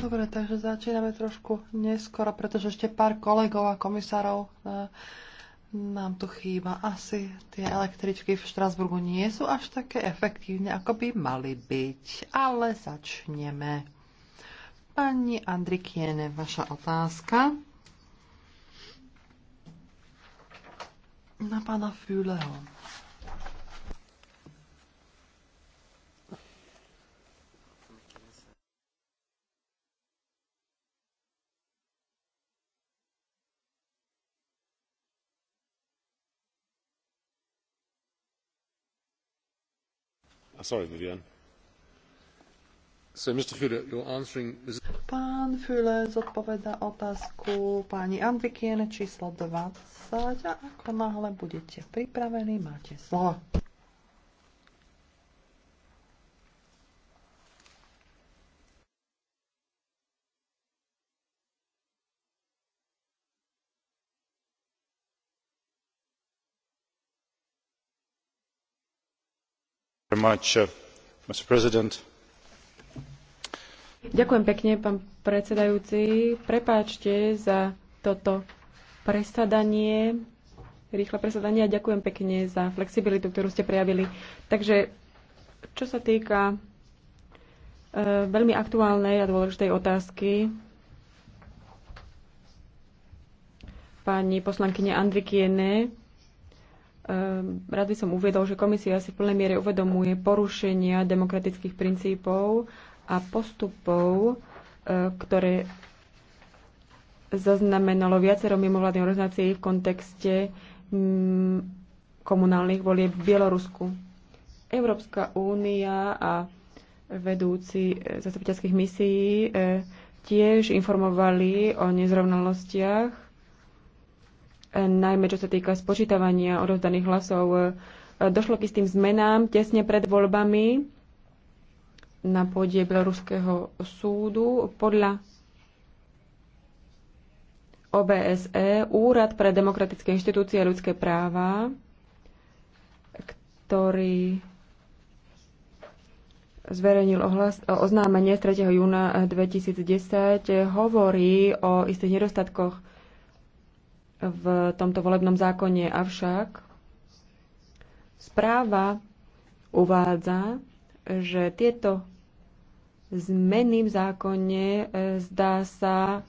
Dobre, takže začíname trošku neskoro, pretože ešte pár kolegov a komisárov e, nám tu chýba. Asi tie električky v Štrasburgu nie sú až také efektívne, ako by mali byť. Ale začneme. Pani Andrikiene, vaša otázka. Na pána Füleho. Ah, sorry, Vivian. Pán Füle zodpoveda otázku pani Andrikiene číslo 20 a ako náhle budete pripravení, máte slovo. Uh, ďakujem pekne, pán predsedajúci. Prepáčte za toto presadanie, rýchle presadanie a ďakujem pekne za flexibilitu, ktorú ste prejavili. Takže, čo sa týka e, veľmi aktuálnej a dôležitej otázky pani poslankyne Andrikiene, Ehm, rád by som uviedol, že komisia si v plnej miere uvedomuje porušenia demokratických princípov a postupov, e, ktoré zaznamenalo viacero mimovládnych organizácií v kontexte mm, komunálnych volieb v Bielorusku. Európska únia a vedúci e, zastupiteľských misií e, tiež informovali o nezrovnalostiach najmä čo sa týka spočítavania odovzdaných hlasov. Došlo k istým zmenám tesne pred voľbami na pôde Bieloruského súdu. Podľa OBSE, Úrad pre demokratické inštitúcie a ľudské práva, ktorý zverejnil ohlas, oznámenie z 3. júna 2010, hovorí o istých nedostatkoch v tomto volebnom zákone. Avšak správa uvádza, že tieto zmeny v zákone e, zdá sa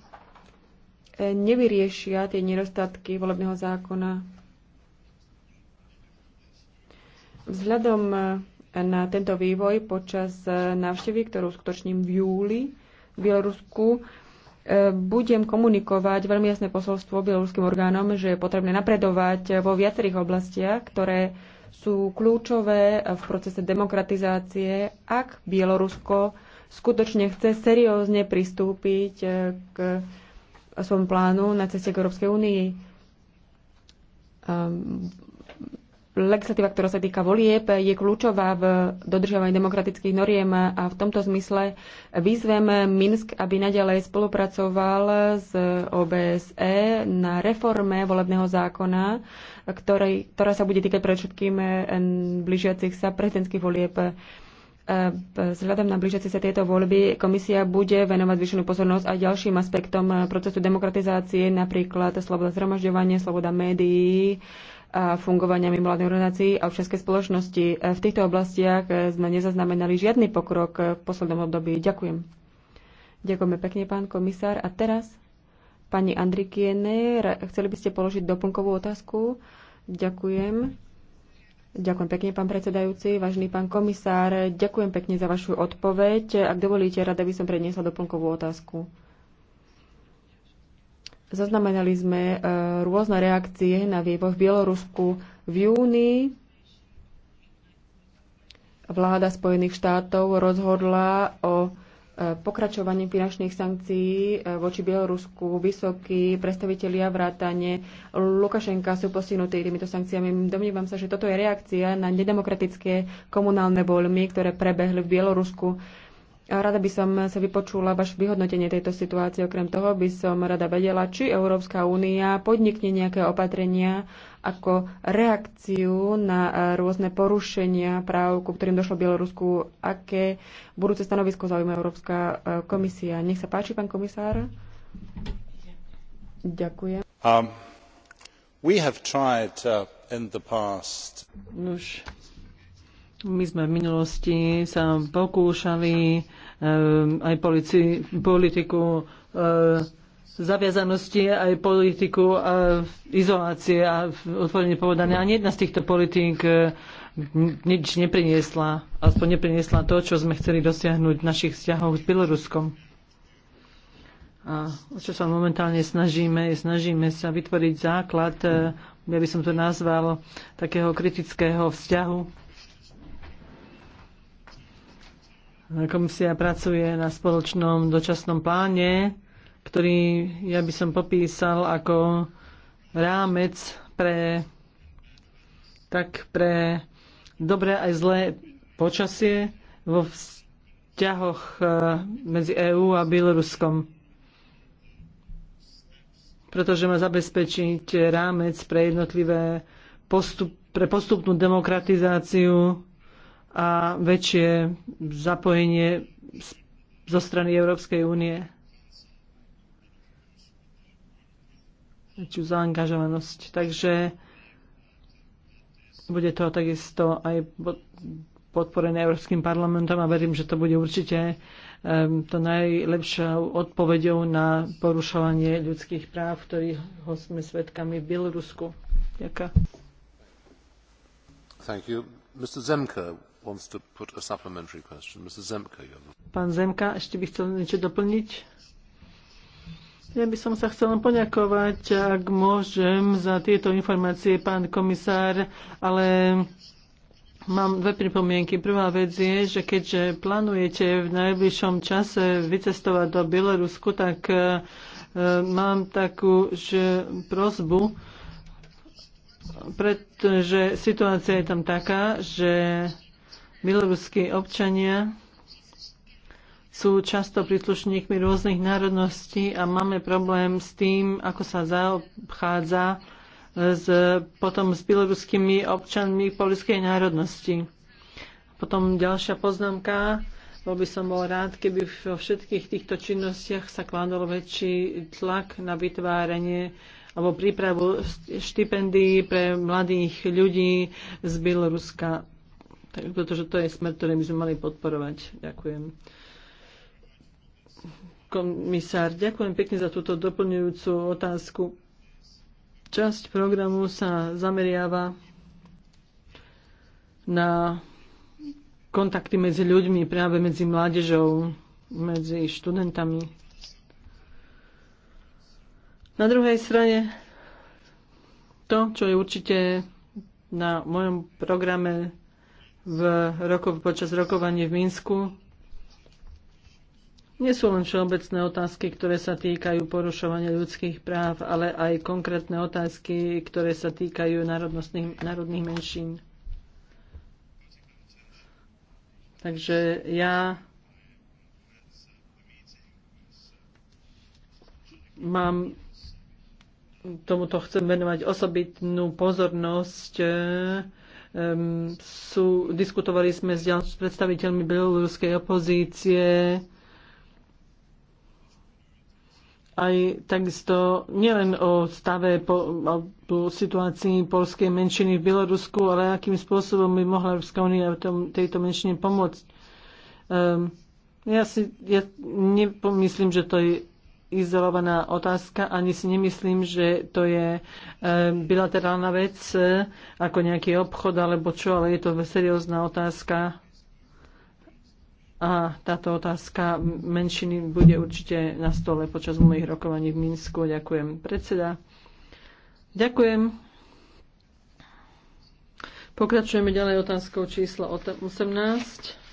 e, nevyriešia tie nedostatky volebného zákona. Vzhľadom e, na tento vývoj počas návštevy, ktorú skutočním v júli v Bielorusku, budem komunikovať veľmi jasné posolstvo bieloruským orgánom, že je potrebné napredovať vo viacerých oblastiach, ktoré sú kľúčové v procese demokratizácie, ak Bielorusko skutočne chce seriózne pristúpiť eh, k svojom plánu na ceste k Európskej únii. Ehm, legislatíva, ktorá sa týka volieb, je kľúčová v dodržovaní demokratických noriem a v tomto zmysle vyzveme Minsk, aby nadalej spolupracoval s OBSE na reforme volebného zákona, ktorej, ktorá sa bude týkať predovšetkým eh, blížiacich sa prezidentských volieb. Eh, vzhľadom na blížiace sa tieto voľby komisia bude venovať zvyšenú pozornosť aj ďalším aspektom eh, procesu demokratizácie, napríklad sloboda zhromažďovania, sloboda médií, a fungovania mimovládnych organizácií a občianskej spoločnosti. E, v týchto oblastiach e, sme nezaznamenali žiadny pokrok e, v poslednom období. Ďakujem. Ďakujeme pekne, pán komisár. A teraz, pani Andrikiene, chceli by ste položiť doplnkovú otázku? Ďakujem. Ďakujem pekne, pán predsedajúci, vážený pán komisár. Ďakujem pekne za vašu odpoveď. Ak dovolíte, rada by som predniesla doplnkovú otázku. Zaznamenali sme e, rôzne reakcie na vývoj v Bielorusku. V júni vláda Spojených štátov rozhodla o e, pokračovaní finančných sankcií e, voči Bielorusku. Vysokí predstavitelia vrátane Lukašenka sú postihnutí týmito sankciami. Domnívam sa, že toto je reakcia na nedemokratické komunálne voľmy, ktoré prebehli v Bielorusku. Rada by som sa vypočula vaše vyhodnotenie tejto situácie. Okrem toho by som rada vedela, či Európska únia podnikne nejaké opatrenia ako reakciu na rôzne porušenia práv, ku ktorým došlo v Bielorusku. Aké budúce stanovisko zaujíma Európska e, komisia? Nech sa páči, pán komisár. Ďakujem. Um, we have tried, uh, in the past. Nuž, my sme v minulosti sa pokúšali ehm, aj polici, politiku ehm, zaviazanosti, aj politiku a izolácie a otvorene povedané. Ani jedna z týchto politík ehm, nič nepriniesla, aspoň nepriniesla to, čo sme chceli dosiahnuť v našich vzťahoch s Bieloruskom. A čo sa momentálne snažíme, snažíme sa vytvoriť základ, ja by som to nazval, takého kritického vzťahu Komisia pracuje na spoločnom dočasnom pláne, ktorý ja by som popísal ako rámec pre tak pre dobré aj zlé počasie vo vzťahoch e, medzi EÚ a Bieloruskom. Pretože má zabezpečiť rámec pre jednotlivé postup, pre postupnú demokratizáciu a väčšie zapojenie zo strany Európskej únie. Väčšiu zaangažovanosť. Takže bude to takisto aj podporené Európskym parlamentom a verím, že to bude určite to najlepšou odpoveďou na porušovanie ľudských práv, ktorých sme svedkami v Bielorusku. Ďakujem wants to put a supplementary question. Mr. Zemka, you have... Pán Zemka, ešte by chcel niečo doplniť? Ja by som sa chcel poďakovať, ak môžem, za tieto informácie, pán komisár, ale Mám dve pripomienky. Prvá vec je, že keďže plánujete v najbližšom čase vycestovať do Bielorusku, tak e, mám takú že prozbu, pretože situácia je tam taká, že Bieloruskí občania sú často príslušníkmi rôznych národností a máme problém s tým, ako sa zaobchádza s, potom s bieloruskými občanmi polskej národnosti. Potom ďalšia poznámka. Bol by som bol rád, keby vo všetkých týchto činnostiach sa kladol väčší tlak na vytváranie alebo prípravu štipendií pre mladých ľudí z Bieloruska. Tak, pretože to je smer, ktorý by sme mali podporovať. Ďakujem. Komisár, ďakujem pekne za túto doplňujúcu otázku. Časť programu sa zameriava na kontakty medzi ľuďmi, práve medzi mládežou, medzi študentami. Na druhej strane to, čo je určite na mojom programe v roko, počas rokovania v Minsku. Nie sú len všeobecné otázky, ktoré sa týkajú porušovania ľudských práv, ale aj konkrétne otázky, ktoré sa týkajú národných menšín. Takže ja mám tomuto chcem venovať osobitnú pozornosť Um, sú, diskutovali sme s, ďal, s predstaviteľmi bieloruskej opozície, aj takisto nielen o stave po, o situácii polskej menšiny v Bielorusku, ale akým spôsobom by mohla Európska únia tejto menšine pomôcť. Um, ja si ja nepomyslím, že to je izolovaná otázka. Ani si nemyslím, že to je e, bilaterálna vec, e, ako nejaký obchod alebo čo, ale je to seriózna otázka. A táto otázka menšiny bude určite na stole počas mojich rokovaní v Minsku. Ďakujem, predseda. Ďakujem. Pokračujeme ďalej otázkou číslo 18.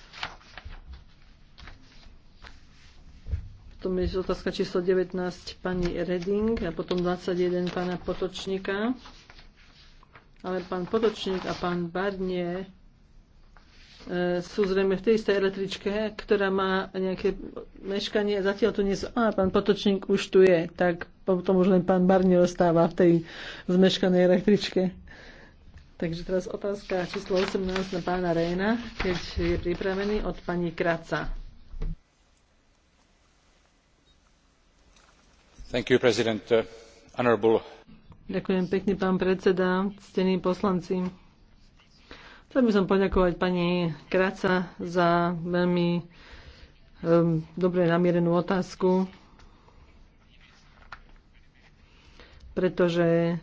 Potom je otázka číslo 19 pani Reding a potom 21 pána Potočníka. Ale pán Potočník a pán Barnie e, sú zrejme v tej istej električke, ktorá má nejaké meškanie. Zatiaľ tu nie sú. A pán Potočník už tu je, tak potom už len pán Barnie ostáva v tej zmeškanej električke. Takže teraz otázka číslo 18 na pána Rejna, keď je pripravený od pani Kraca. Uh, Ďakujem pekne, pán predseda, poslanci. Chcel by som poďakovať pani kratsa za veľmi um, dobre namierenú otázku, pretože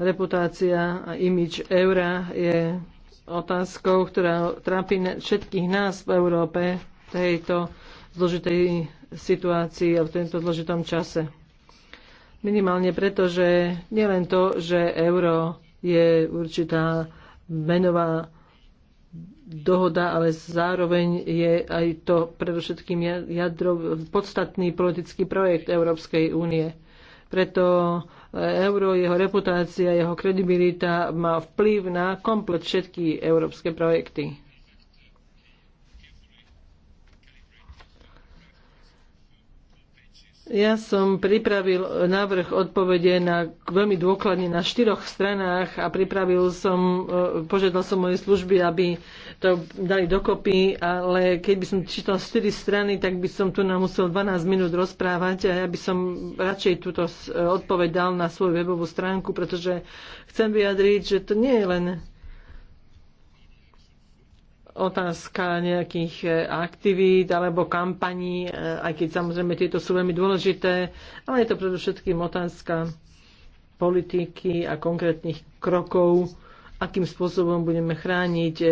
reputácia a imidž eura je otázkou, ktorá trápi všetkých nás v Európe v tejto zložitej situácii a v tomto zložitom čase. Minimálne preto, že nielen to, že euro je určitá menová dohoda, ale zároveň je aj to predovšetkým jadro, podstatný politický projekt Európskej únie. Preto eh, euro, jeho reputácia, jeho kredibilita má vplyv na komplet všetky európske projekty. Ja som pripravil návrh odpovede na, veľmi dôkladne na štyroch stranách a pripravil som, e, požiadal som moje služby, aby to dali dokopy, ale keď by som čítal štyri strany, tak by som tu nám musel 12 minút rozprávať a ja by som radšej túto e, odpoveď dal na svoju webovú stránku, pretože chcem vyjadriť, že to nie je len otázka nejakých e, aktivít alebo kampaní, e, aj keď samozrejme tieto sú veľmi dôležité, ale je to predovšetkým otázka politiky a konkrétnych krokov, akým spôsobom budeme chrániť e,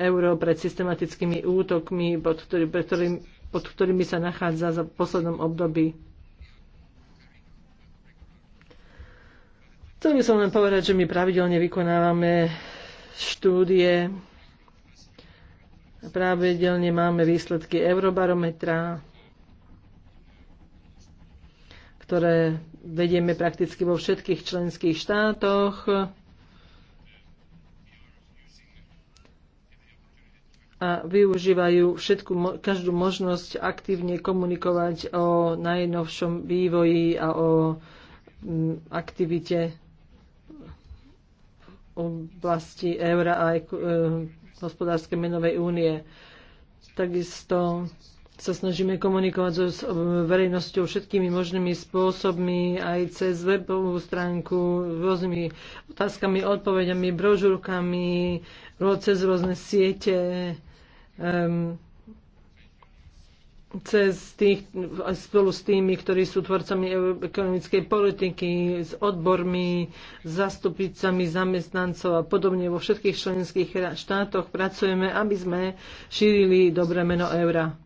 euro pred systematickými útokmi, pod, ktorý, pred ktorým, pod ktorými sa nachádza za poslednom období. Chcel by som len povedať, že my pravidelne vykonávame štúdie Pravidelne máme výsledky Eurobarometra, ktoré vedieme prakticky vo všetkých členských štátoch. a využívajú všetku, každú možnosť aktívne komunikovať o najnovšom vývoji a o mm, aktivite oblasti eura a e, hospodárskej menovej únie. Takisto sa snažíme komunikovať so e, verejnosťou všetkými možnými spôsobmi, aj cez webovú stránku, rôznymi otázkami, odpovediami, brožúrkami, cez rôzne siete. Um, cez tých, spolu s tými, ktorí sú tvorcami ekonomickej politiky, s odbormi, s zastupicami zamestnancov a podobne vo všetkých členských štátoch pracujeme, aby sme šírili dobré meno eura.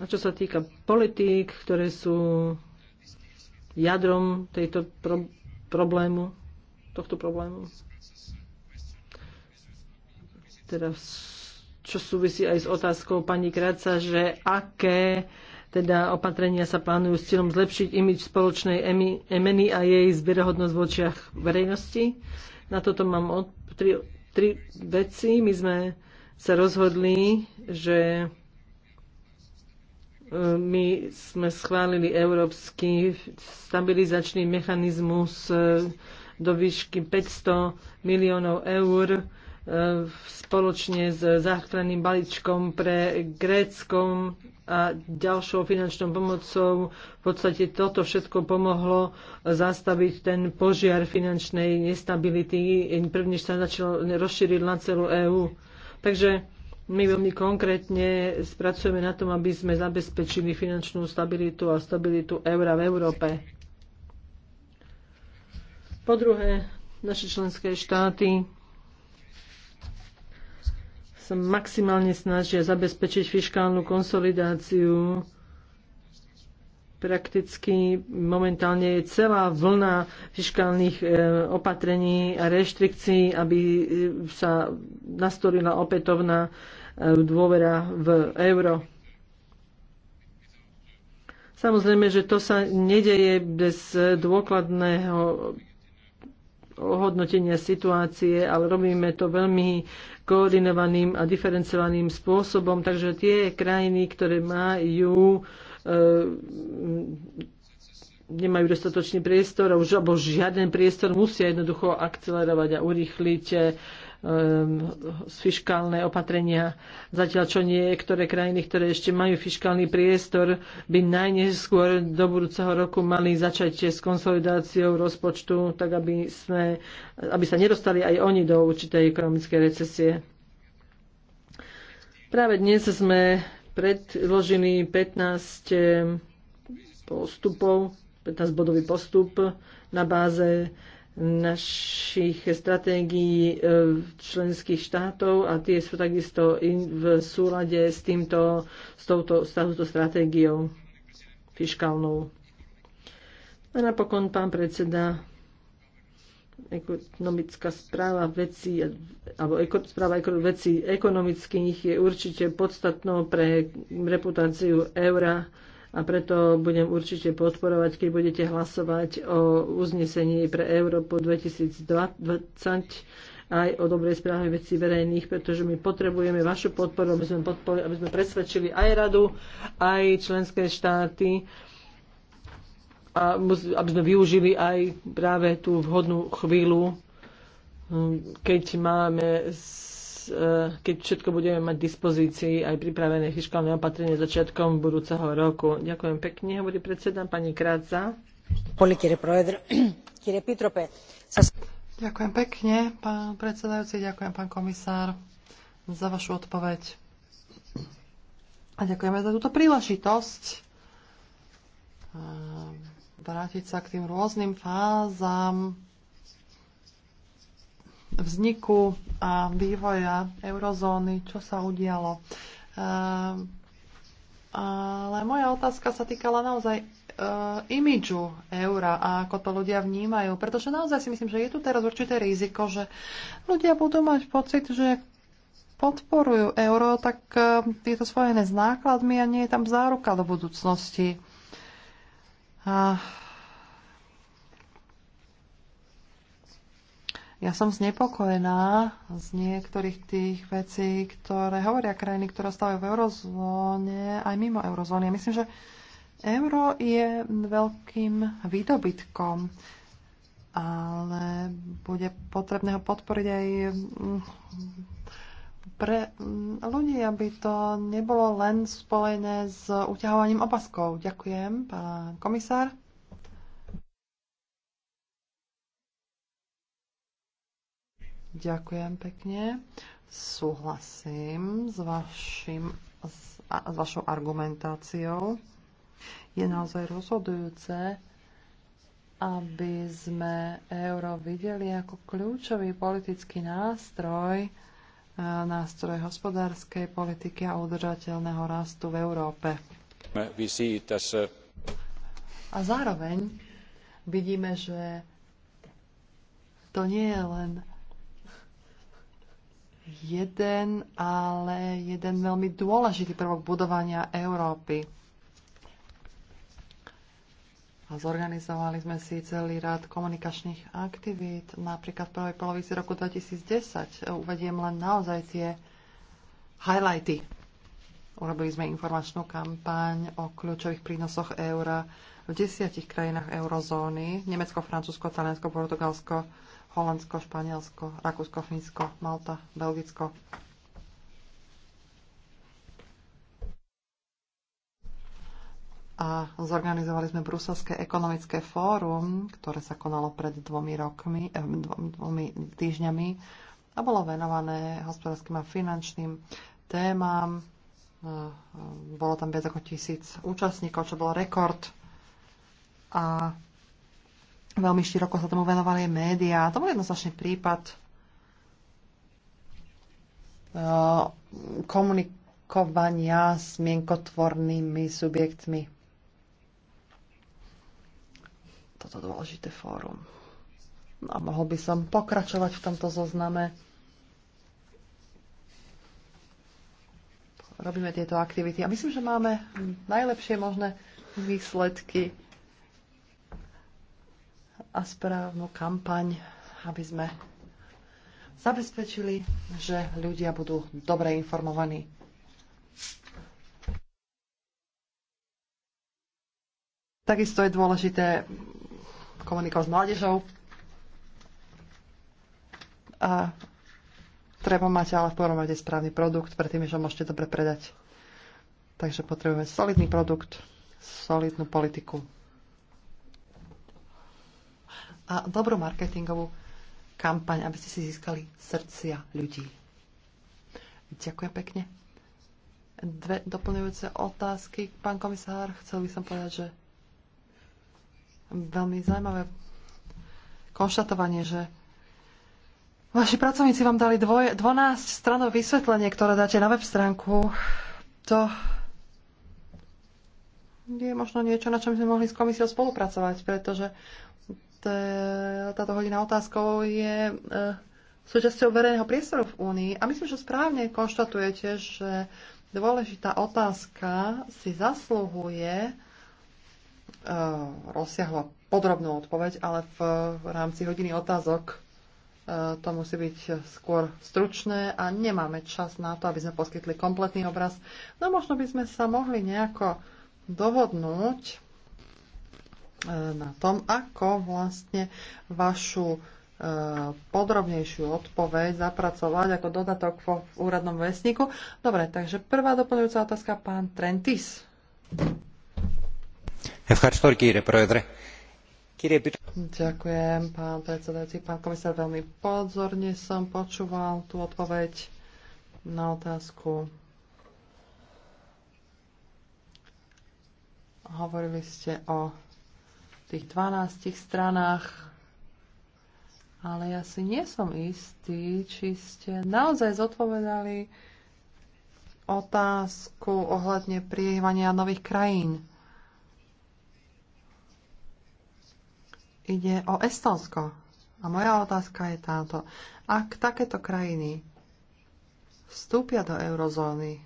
A čo sa týka politík, ktoré sú jadrom tejto pro- problému, tohto problému, teraz čo súvisí aj s otázkou pani Kráca, že aké teda opatrenia sa plánujú s cieľom zlepšiť imič spoločnej emeny a jej zbierohodnosť v očiach verejnosti. Na toto mám od, tri, tri veci. My sme sa rozhodli, že e, my sme schválili európsky stabilizačný mechanizmus e, do výšky 500 miliónov eur spoločne s záchranným balíčkom pre Gréckom a ďalšou finančnou pomocou v podstate toto všetko pomohlo zastaviť ten požiar finančnej nestability, prvne sa začal rozšíriť na celú EÚ. Takže my veľmi konkrétne spracujeme na tom, aby sme zabezpečili finančnú stabilitu a stabilitu eura v Európe. Po druhé, naše členské štáty sa maximálne snažia zabezpečiť fiskálnu konsolidáciu. Prakticky momentálne je celá vlna fiskálnych e, opatrení a reštrikcií, aby e, sa nastorila opätovná e, dôvera v euro. Samozrejme, že to sa nedeje bez dôkladného ohodnotenia situácie, ale robíme to veľmi koordinovaným a diferencovaným spôsobom. Takže tie krajiny, ktoré majú e, nemajú dostatočný priestor alebo žiaden priestor, musia jednoducho akcelerovať a urýchliť e, Ehm, fiskálne opatrenia. Zatiaľ, čo niektoré krajiny, ktoré ešte majú fiskálny priestor, by najneskôr do budúceho roku mali začať s konsolidáciou rozpočtu, tak aby, sme, aby sa nedostali aj oni do určitej ekonomickej recesie. Práve dnes sme predložili 15 ehm, postupov, 15-bodový postup na báze našich stratégií e, členských štátov a tie sú takisto v súlade s, týmto, s, touto, s touto stratégiou fiskálnou. A napokon, pán predseda, ekonomická správa vecí alebo eko, správa eko, vecí ekonomických je určite podstatnou pre reputáciu eura a preto budem určite podporovať, keď budete hlasovať o uznesení pre Európu 2020 aj o dobrej správe veci verejných, pretože my potrebujeme vašu podporu, aby sme, podpor- aby sme presvedčili aj radu, aj členské štáty, a aby sme využili aj práve tú vhodnú chvíľu, hm, keď máme Eh, keď všetko budeme mať dispozícii aj pripravené fiskálne opatrenie začiatkom budúceho roku. Ďakujem pekne, hovorí predseda pani Kráca. Ďakujem pekne, pán predsedajúci, ďakujem pán komisár za vašu odpoveď. A ďakujeme za túto príležitosť eh, vrátiť sa k tým rôznym fázam vzniku a vývoja eurozóny, čo sa udialo. Ehm, ale moja otázka sa týkala naozaj ehm, imidžu eura a ako to ľudia vnímajú. Pretože naozaj si myslím, že je tu teraz určité riziko, že ľudia budú mať pocit, že podporujú euro, tak ehm, je to spojené s nákladmi a nie je tam záruka do budúcnosti. A Ja som znepokojená z niektorých tých vecí, ktoré hovoria krajiny, ktoré stávajú v eurozóne, aj mimo eurozóny. myslím, že euro je veľkým výdobytkom, ale bude potrebné ho podporiť aj mm, pre mm, ľudí, aby to nebolo len spojené s uťahovaním opaskov. Ďakujem, pán komisár. Ďakujem pekne. Súhlasím s, vašim, s, a, s vašou argumentáciou. Je naozaj rozhodujúce, aby sme euro videli ako kľúčový politický nástroj, e, nástroj hospodárskej politiky a udržateľného rastu v Európe. A zároveň vidíme, že to nie je len jeden, ale jeden veľmi dôležitý prvok budovania Európy. A zorganizovali sme si celý rád komunikačných aktivít, napríklad v prvej polovici roku 2010. E, uvediem len naozaj tie highlighty. Urobili sme informačnú kampaň o kľúčových prínosoch eura v desiatich krajinách eurozóny. Nemecko, Francúzsko, Taliansko, Portugalsko, Holandsko, Španielsko, Rakúsko, Fínsko, Malta, Belgicko. A zorganizovali sme Bruselské ekonomické fórum, ktoré sa konalo pred dvomi, rokmi, eh, dvomi týždňami a bolo venované hospodárskym a finančným témam. Eh, eh, bolo tam viac ako tisíc účastníkov, čo bol rekord. A Veľmi široko sa tomu venovali médiá. To bol jednoznačný prípad eh, komunikovania s mienkotvornými subjektmi. Toto dôležité fórum. No a mohol by som pokračovať v tomto zozname. Robíme tieto aktivity a myslím, že máme najlepšie možné výsledky a správnu kampaň, aby sme zabezpečili, že ľudia budú dobre informovaní. Takisto je dôležité komunikovať s mládežou. A treba mať ale v prvom rade správny produkt, predtým, že ho môžete dobre predať. Takže potrebujeme solidný produkt, solidnú politiku a dobrú marketingovú kampaň, aby ste si získali srdcia ľudí. Ďakujem pekne. Dve doplňujúce otázky. Pán komisár, chcel by som povedať, že veľmi zaujímavé konštatovanie, že vaši pracovníci vám dali dvoj, 12 stranov vysvetlenie, ktoré dáte na web stránku. To je možno niečo, na čom sme mohli s komisiou spolupracovať, pretože táto hodina otázkov je e, súčasťou verejného priestoru v Únii a myslím, že správne konštatujete, že dôležitá otázka si zasluhuje e, rozsiahlo podrobnú odpoveď, ale v rámci hodiny otázok e, to musí byť skôr stručné a nemáme čas na to, aby sme poskytli kompletný obraz. No možno by sme sa mohli nejako dohodnúť E, na tom, ako vlastne vašu e, podrobnejšiu odpoveď zapracovať ako dodatok v úradnom vesniku. Dobre, takže prvá doplňujúca otázka, pán Trentis. Ďakujem, pán predsedajúci. Pán komisár, veľmi pozorne som počúval tú odpoveď na otázku. Hovorili ste o tých 12 stranách. Ale ja si nie som istý, či ste naozaj zodpovedali otázku ohľadne prijímania nových krajín. Ide o Estonsko. A moja otázka je táto. Ak takéto krajiny vstúpia do eurozóny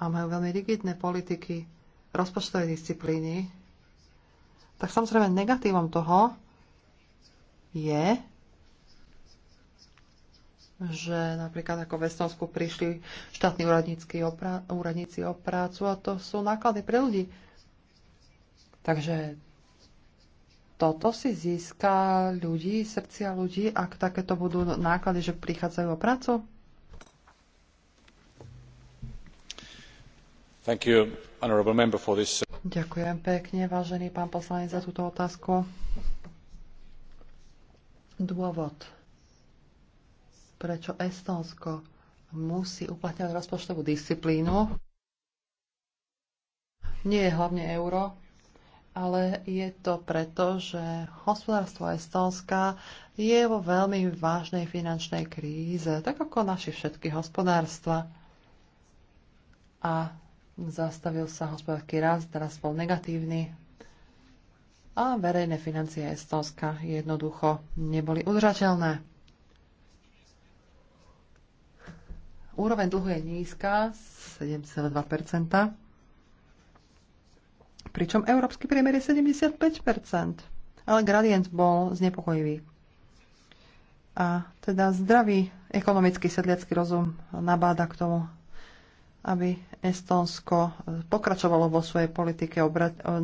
a majú veľmi rigidné politiky rozpočtovej disciplíny, tak samozrejme negatívom toho je, že napríklad ako v Estonsku prišli štátni úradníci o prácu a to sú náklady pre ľudí. Takže toto si získa ľudí, srdcia ľudí, ak takéto budú náklady, že prichádzajú o prácu? Uh, Ďakujem pekne, vážený pán poslanec, za túto otázku. Dôvod, prečo Estónsko musí uplatňovať rozpočtovú disciplínu, nie je hlavne euro, ale je to preto, že hospodárstvo Estónska je vo veľmi vážnej finančnej kríze, tak ako naši všetky hospodárstva. A zastavil sa hospodársky rast, teraz bol negatívny a verejné financie Estónska jednoducho neboli udržateľné. Úroveň dlhu je nízka, 7,2%, pričom európsky priemer je 75%, ale gradient bol znepokojivý. A teda zdravý ekonomický sedliacký rozum nabáda k tomu, aby Estónsko e, pokračovalo vo svojej politike e,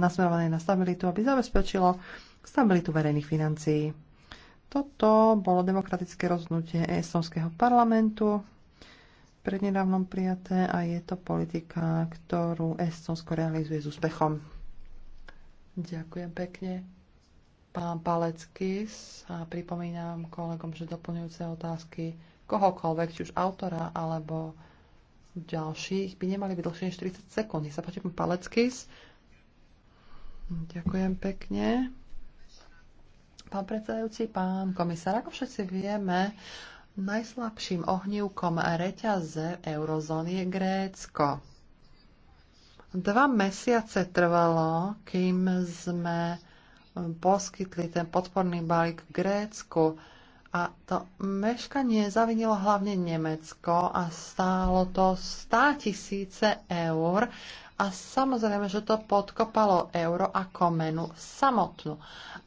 nasmerovanej na stabilitu, aby zabezpečilo stabilitu verejných financií. Toto bolo demokratické rozhodnutie Estonského parlamentu prednedávnom prijaté a je to politika, ktorú Estonsko realizuje s úspechom. Ďakujem pekne. Pán Palecký a pripomínam kolegom, že doplňujúce otázky kohokoľvek, či už autora alebo ďalších by nemali byť dlhšie než 40 sekúnd. Nech sa páči, pán Paleckis. Ďakujem pekne. Pán predsedajúci, pán komisár, ako všetci vieme, najslabším ohnívkom reťaze eurozóny je Grécko. Dva mesiace trvalo, kým sme poskytli ten podporný balík Grécku a to meškanie zavinilo hlavne Nemecko a stálo to 100 tisíce eur a samozrejme, že to podkopalo euro ako menu samotnú.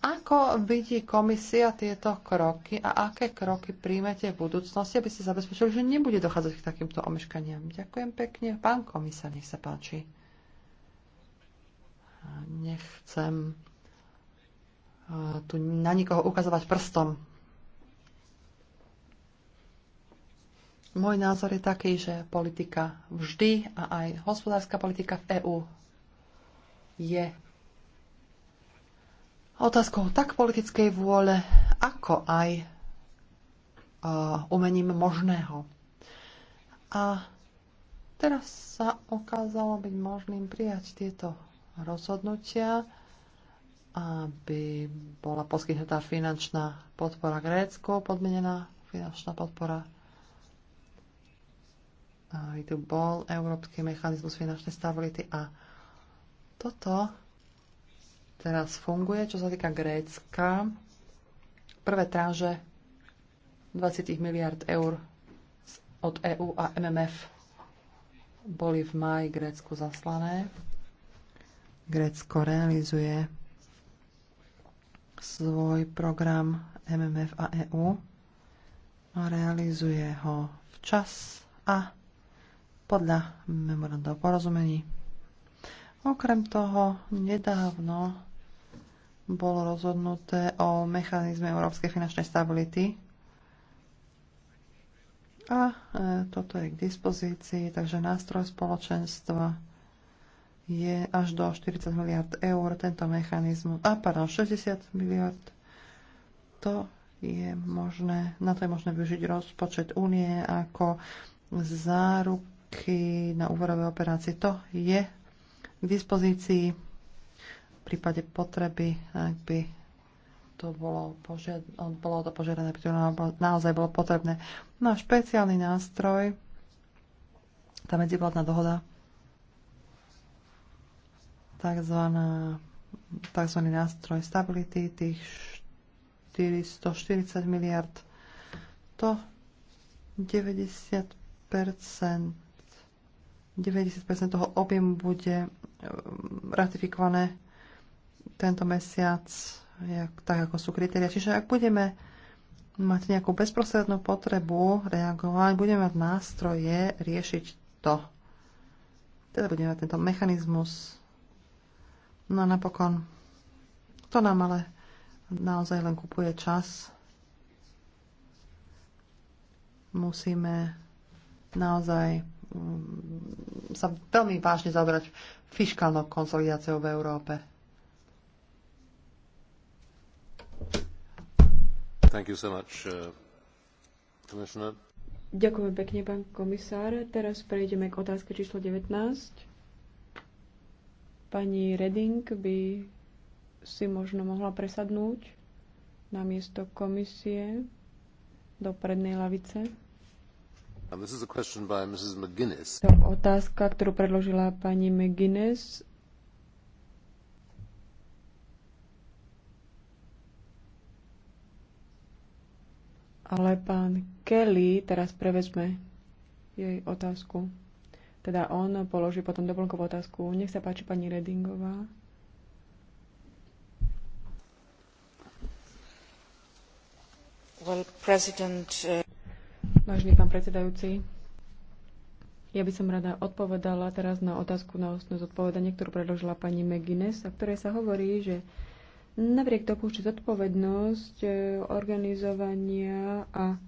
Ako vidí komisia tieto kroky a aké kroky príjmete v budúcnosti, aby ste zabezpečili, že nebude dochádzať k takýmto omeškaniam? Ďakujem pekne. Pán komisár, nech sa páči. Nechcem eh, tu na nikoho ukazovať prstom Môj názor je taký, že politika vždy a aj hospodárska politika v EÚ je otázkou tak politickej vôle, ako aj uh, umením možného. A teraz sa okázalo byť možným prijať tieto rozhodnutia, aby bola poskytnutá finančná podpora Grécku, podmienená finančná podpora aj tu bol Európsky mechanizmus finančnej stability a toto teraz funguje, čo sa týka Grécka. Prvé tráže 20 miliard eur od EU a MMF boli v maji Grécku zaslané. Grécko realizuje svoj program MMF a EU a realizuje ho včas a podľa memoranda o porozumení. Okrem toho, nedávno bolo rozhodnuté o mechanizme európskej finančnej stability. A e, toto je k dispozícii, takže nástroj spoločenstva je až do 40 miliard eur tento mechanizmus. A pardon, 60 miliard. To je možné, na to je možné využiť rozpočet únie ako záruk lieky na úverové operácie. To je k dispozícii v prípade potreby, ak by to bolo, požiad- bolo to požiadané, by to naozaj bolo potrebné. No a špeciálny nástroj, tá medzivládna dohoda, takzvaná, takzvaný nástroj stability, tých 440 miliard, to 90% 90% toho objemu bude eh, ratifikované tento mesiac, tak ako sú kritéria. Čiže ak budeme mať nejakú bezprostrednú potrebu reagovať, budeme mať nástroje riešiť to. Teda budeme mať tento mechanizmus. No a napokon, to nám ale naozaj len kupuje čas. Musíme naozaj Mm, sa veľmi vážne zaoberať fiskálnou konsolidáciou v Európe. Thank you so much, uh, Ďakujem pekne, pán komisár. Teraz prejdeme k otázke číslo 19. Pani Reding by si možno mohla presadnúť na miesto komisie do prednej lavice. Otázka, ktorú predložila pani McGuinness. Ale pán Kelly teraz prevezme jej otázku. Teda on položí potom doplnkovú otázku. Nech sa páči pani Redingová. Well, President, uh... Vážený pán predsedajúci, ja by som rada odpovedala teraz na otázku na osnú zodpovedanie, ktorú predložila pani McGuinness, a ktorej sa hovorí, že napriek dopúšťa zodpovednosť e, organizovania a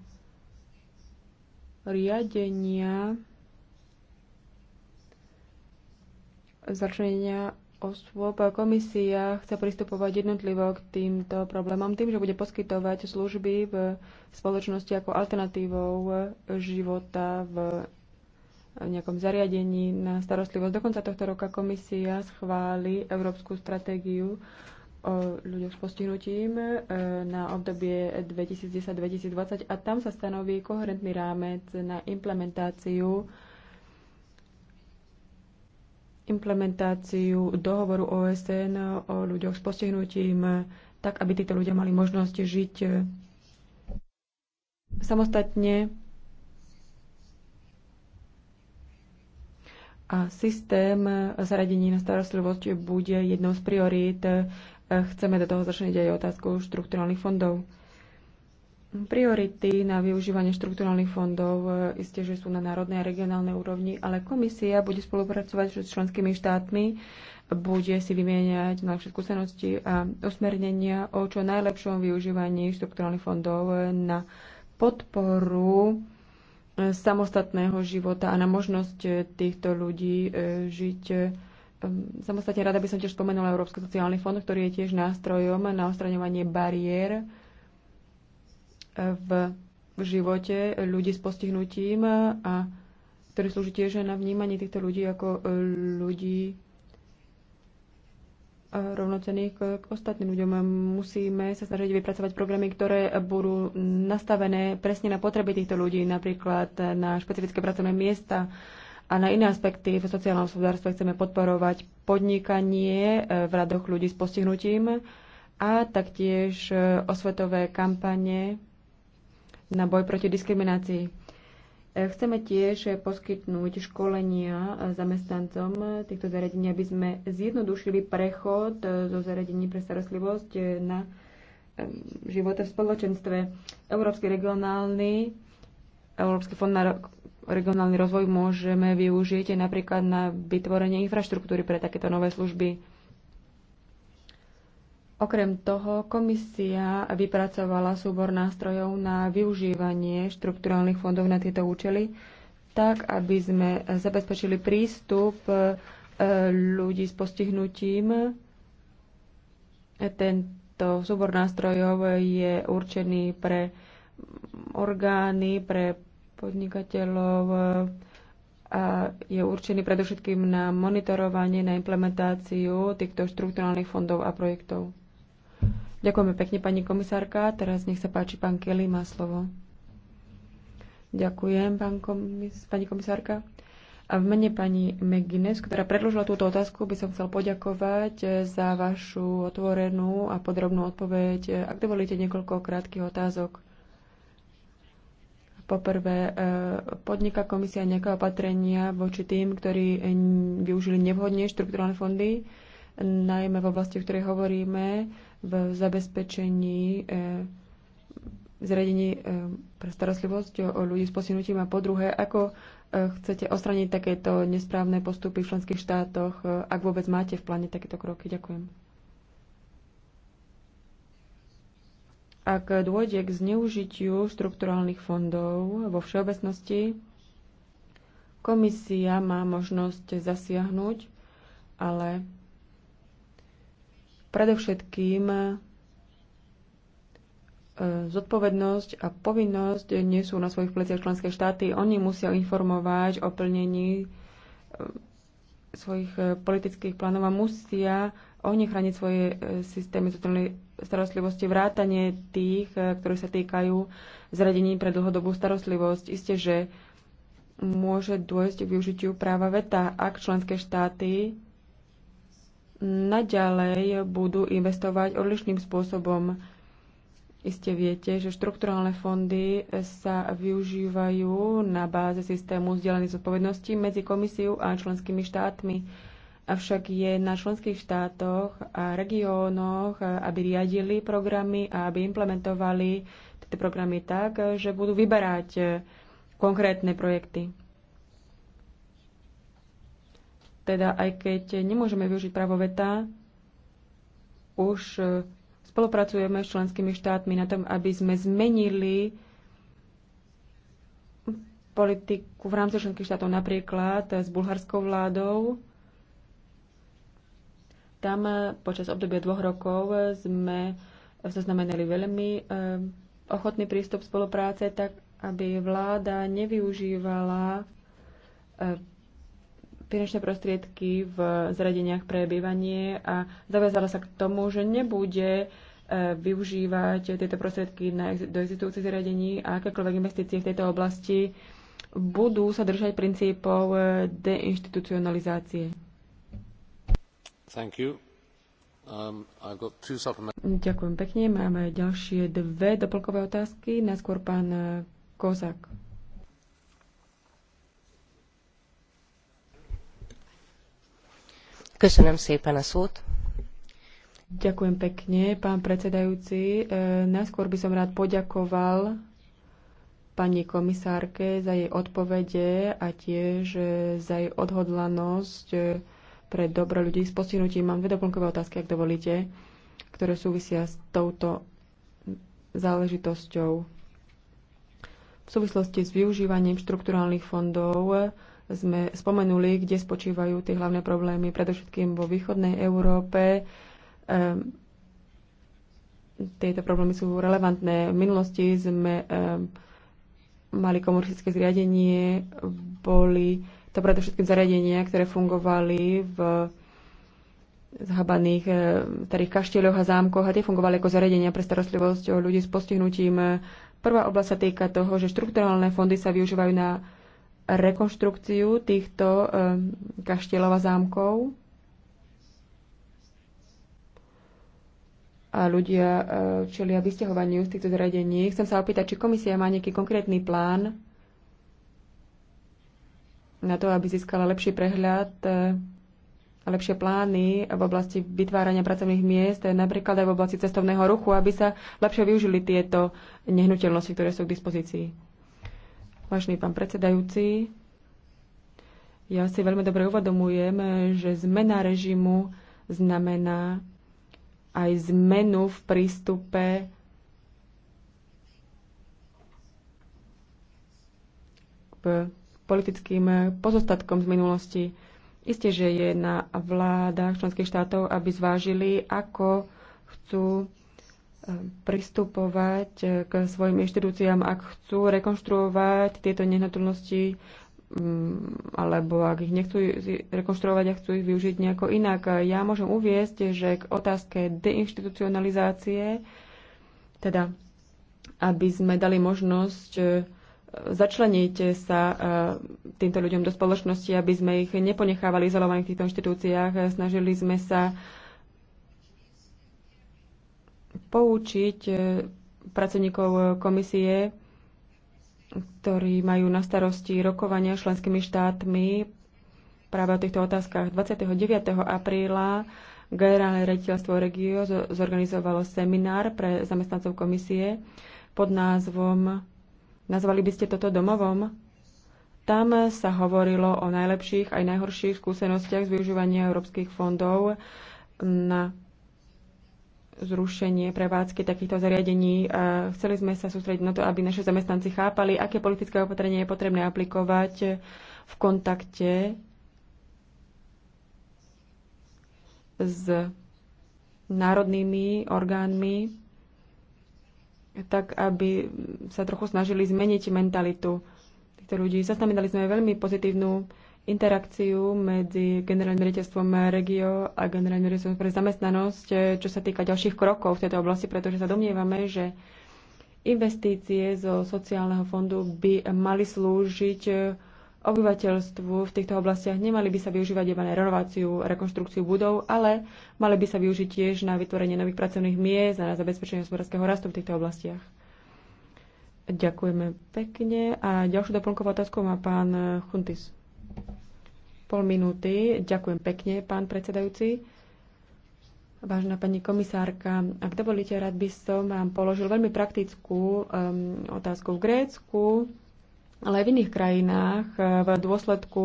riadenia začlenia osôb. Komisia chce pristupovať jednotlivo k týmto problémom tým, že bude poskytovať služby v spoločnosti ako alternatívou života v nejakom zariadení na starostlivosť. Do konca tohto roka komisia schváli Európsku stratégiu o ľuďoch s postihnutím e, na obdobie 2010-2020 a tam sa stanoví koherentný rámec na implementáciu implementáciu dohovoru OSN o ľuďoch s postihnutím, tak aby títo ľudia mali možnosť žiť eh, samostatne a systém eh, zaradení na starostlivosť bude jednou z priorít. Eh, chceme do toho začať aj otázku štrukturálnych fondov. Priority na využívanie štrukturálnych fondov isté, že sú na národnej a regionálnej úrovni, ale komisia bude spolupracovať s členskými štátmi, bude si vymieňať na skúsenosti a usmernenia o čo najlepšom využívaní štrukturálnych fondov na podporu samostatného života a na možnosť týchto ľudí eh, žiť ehm, samostatne. Rada by som tiež spomenula Európsky sociálny fond, ktorý je tiež nástrojom na ostraňovanie bariér v živote ľudí s postihnutím a ktorý slúži tiež na vnímanie týchto ľudí ako e, ľudí e, rovnocených k ostatným ľuďom. Musíme sa snažiť vypracovať programy, ktoré budú nastavené presne na potreby týchto ľudí, napríklad na špecifické pracovné miesta a na iné aspekty v sociálnom hospodárstve. Chceme podporovať podnikanie e, v radoch ľudí s postihnutím a taktiež osvetové kampane na boj proti diskriminácii. E, chceme tiež poskytnúť školenia zamestnancom týchto zariadení, aby sme zjednodušili prechod e, zo zariadení pre starostlivosť e, na života v spoločenstve. Európsky regionálny Európsky fond na regionálny rozvoj môžeme využiť napríklad na vytvorenie infraštruktúry pre takéto nové služby Okrem toho komisia vypracovala súbor nástrojov na využívanie štrukturálnych fondov na tieto účely, tak aby sme zabezpečili prístup e, ľudí s postihnutím. Tento súbor nástrojov je určený pre orgány, pre podnikateľov, e, a je určený predovšetkým na monitorovanie, na implementáciu týchto štrukturálnych fondov a projektov. Ďakujeme pekne, pani komisárka. Teraz nech sa páči, pán Kelly má slovo. Ďakujem, pán komis- pani komisárka. A v mene pani McGuinness, ktorá predložila túto otázku, by som chcel poďakovať eh, za vašu otvorenú a podrobnú odpoveď. Eh, ak dovolíte niekoľko krátkých otázok. Poprvé, eh, podniká komisia nejaké opatrenia voči tým, ktorí využili nevhodne štrukturálne fondy, najmä v oblasti, o ktorej hovoríme, v zabezpečení e, zriadení e, pre starostlivosť o ľudí s posinutím a po druhé, ako e, chcete ostraniť takéto nesprávne postupy v členských štátoch, ak vôbec máte v pláne takéto kroky. Ďakujem. Ak dôjde k zneužitiu štrukturálnych fondov vo všeobecnosti, komisia má možnosť zasiahnuť, ale Predovšetkým e, zodpovednosť a povinnosť nie sú na svojich pleciach členské štáty. Oni musia informovať o plnení e, svojich e, politických plánov a musia oni chrániť svoje systémy sociálnej starostlivosti, vrátanie tých, ktorí sa týkajú zradení pre dlhodobú starostlivosť. Isté, že môže dôjsť k využitiu práva veta, ak členské štáty naďalej budú investovať odlišným spôsobom. Iste viete, že štrukturálne fondy sa využívajú na báze systému vzdelených zodpovedností medzi komisiou a členskými štátmi. Avšak je na členských štátoch a regiónoch, aby riadili programy a aby implementovali tieto programy tak, že budú vyberať konkrétne projekty. Teda aj keď nemôžeme využiť právo veta, už e, spolupracujeme s členskými štátmi na tom, aby sme zmenili politiku v rámci členských štátov napríklad s bulharskou vládou. Tam e, počas obdobia dvoch rokov e, sme zaznamenali veľmi ochotný prístup spolupráce, tak aby vláda nevyužívala finančné prostriedky v zradeniach pre bývanie a zaviazala sa k tomu, že nebude e, využívať tieto prostriedky na, do existujúcich zariadení a akékoľvek investície v tejto oblasti budú sa držať princípov e, deinstitucionalizácie. Thank you. Um, I've got two supplement- Ďakujem pekne. Máme ďalšie dve doplkové otázky. Najskôr pán e, Kozak. Köszönöm szépen a szót. Ďakujem pekne, pán predsedajúci. E, najskôr by som rád poďakoval pani komisárke za jej odpovede a tiež e, za jej odhodlanosť e, pre dobro ľudí s postihnutím. Mám dve doplnkové otázky, ak dovolíte, ktoré súvisia s touto záležitosťou. V súvislosti s využívaním štrukturálnych fondov sme spomenuli, kde spočívajú tie hlavné problémy, predovšetkým vo východnej Európe. Um, tieto problémy sú relevantné. V minulosti sme um, mali komunistické zriadenie, boli to predovšetkým zariadenia, ktoré fungovali v zhabaných ehm, starých kaštieľoch a zámkoch a tie fungovali ako zariadenia pre starostlivosť o ľudí s postihnutím. Prvá oblasť sa týka toho, že štrukturálne fondy sa využívajú na rekonštrukciu týchto ehm, kaštieľov a zámkov. a ľudia ehm, čelia vysťahovaniu z týchto zariadení. Chcem sa opýtať, či komisia má nejaký konkrétny plán na to, aby získala lepší prehľad a ehm, lepšie plány v oblasti vytvárania pracovných miest, napríklad aj v oblasti cestovného ruchu, aby sa lepšie využili tieto nehnuteľnosti, ktoré sú k dispozícii. Vážený pán predsedajúci, ja si veľmi dobre uvedomujem, že zmena režimu znamená aj zmenu v prístupe k politickým pozostatkom z minulosti. Isté, že je na vládach členských štátov, aby zvážili, ako chcú pristupovať eh, k svojim inštitúciám, ak chcú rekonštruovať tieto nehnuteľnosti mm, alebo ak ich nechcú rekonštruovať a chcú ich využiť nejako inak. Ja môžem uviesť, že k otázke deinstitucionalizácie, teda aby sme dali možnosť eh, začleniť sa eh, týmto ľuďom do spoločnosti, aby sme ich neponechávali izolovaných v týchto inštitúciách. Snažili sme sa poučiť e, pracovníkov e, komisie, ktorí majú na starosti rokovania členskými štátmi práve o týchto otázkach. 29. apríla generálne rediteľstvo Regio zorganizovalo seminár pre zamestnancov komisie pod názvom Nazvali by ste toto domovom? Tam sa hovorilo o najlepších aj najhorších skúsenostiach z využívania európskych fondov na zrušenie prevádzky takýchto zariadení. E, chceli sme sa sústrediť na to, aby naši zamestnanci chápali, aké politické opatrenie je potrebné aplikovať v kontakte s národnými orgánmi, tak aby sa trochu snažili zmeniť mentalitu týchto ľudí. Zaznamenali sme veľmi pozitívnu interakciu medzi generálnym riaditeľstvom regio a generálnym riaditeľstvom pre zamestnanosť, eh, čo sa týka ďalších krokov v tejto oblasti, pretože sa domnievame, že investície zo sociálneho fondu by mali slúžiť eh, obyvateľstvu v týchto oblastiach. Nemali by sa využívať iba na renováciu, rekonštrukciu budov, ale mali by sa využiť tiež na vytvorenie nových pracovných miest a na zabezpečenie hospodárskeho rastu v týchto oblastiach. Ďakujeme pekne. A ďalšiu doplnkovú otázku má pán eh, Chuntis pol minúty. Ďakujem pekne, pán predsedajúci. Vážená pani komisárka, ak dovolíte, rád by som vám položil veľmi praktickú um, otázku. V Grécku, ale aj v iných krajinách v dôsledku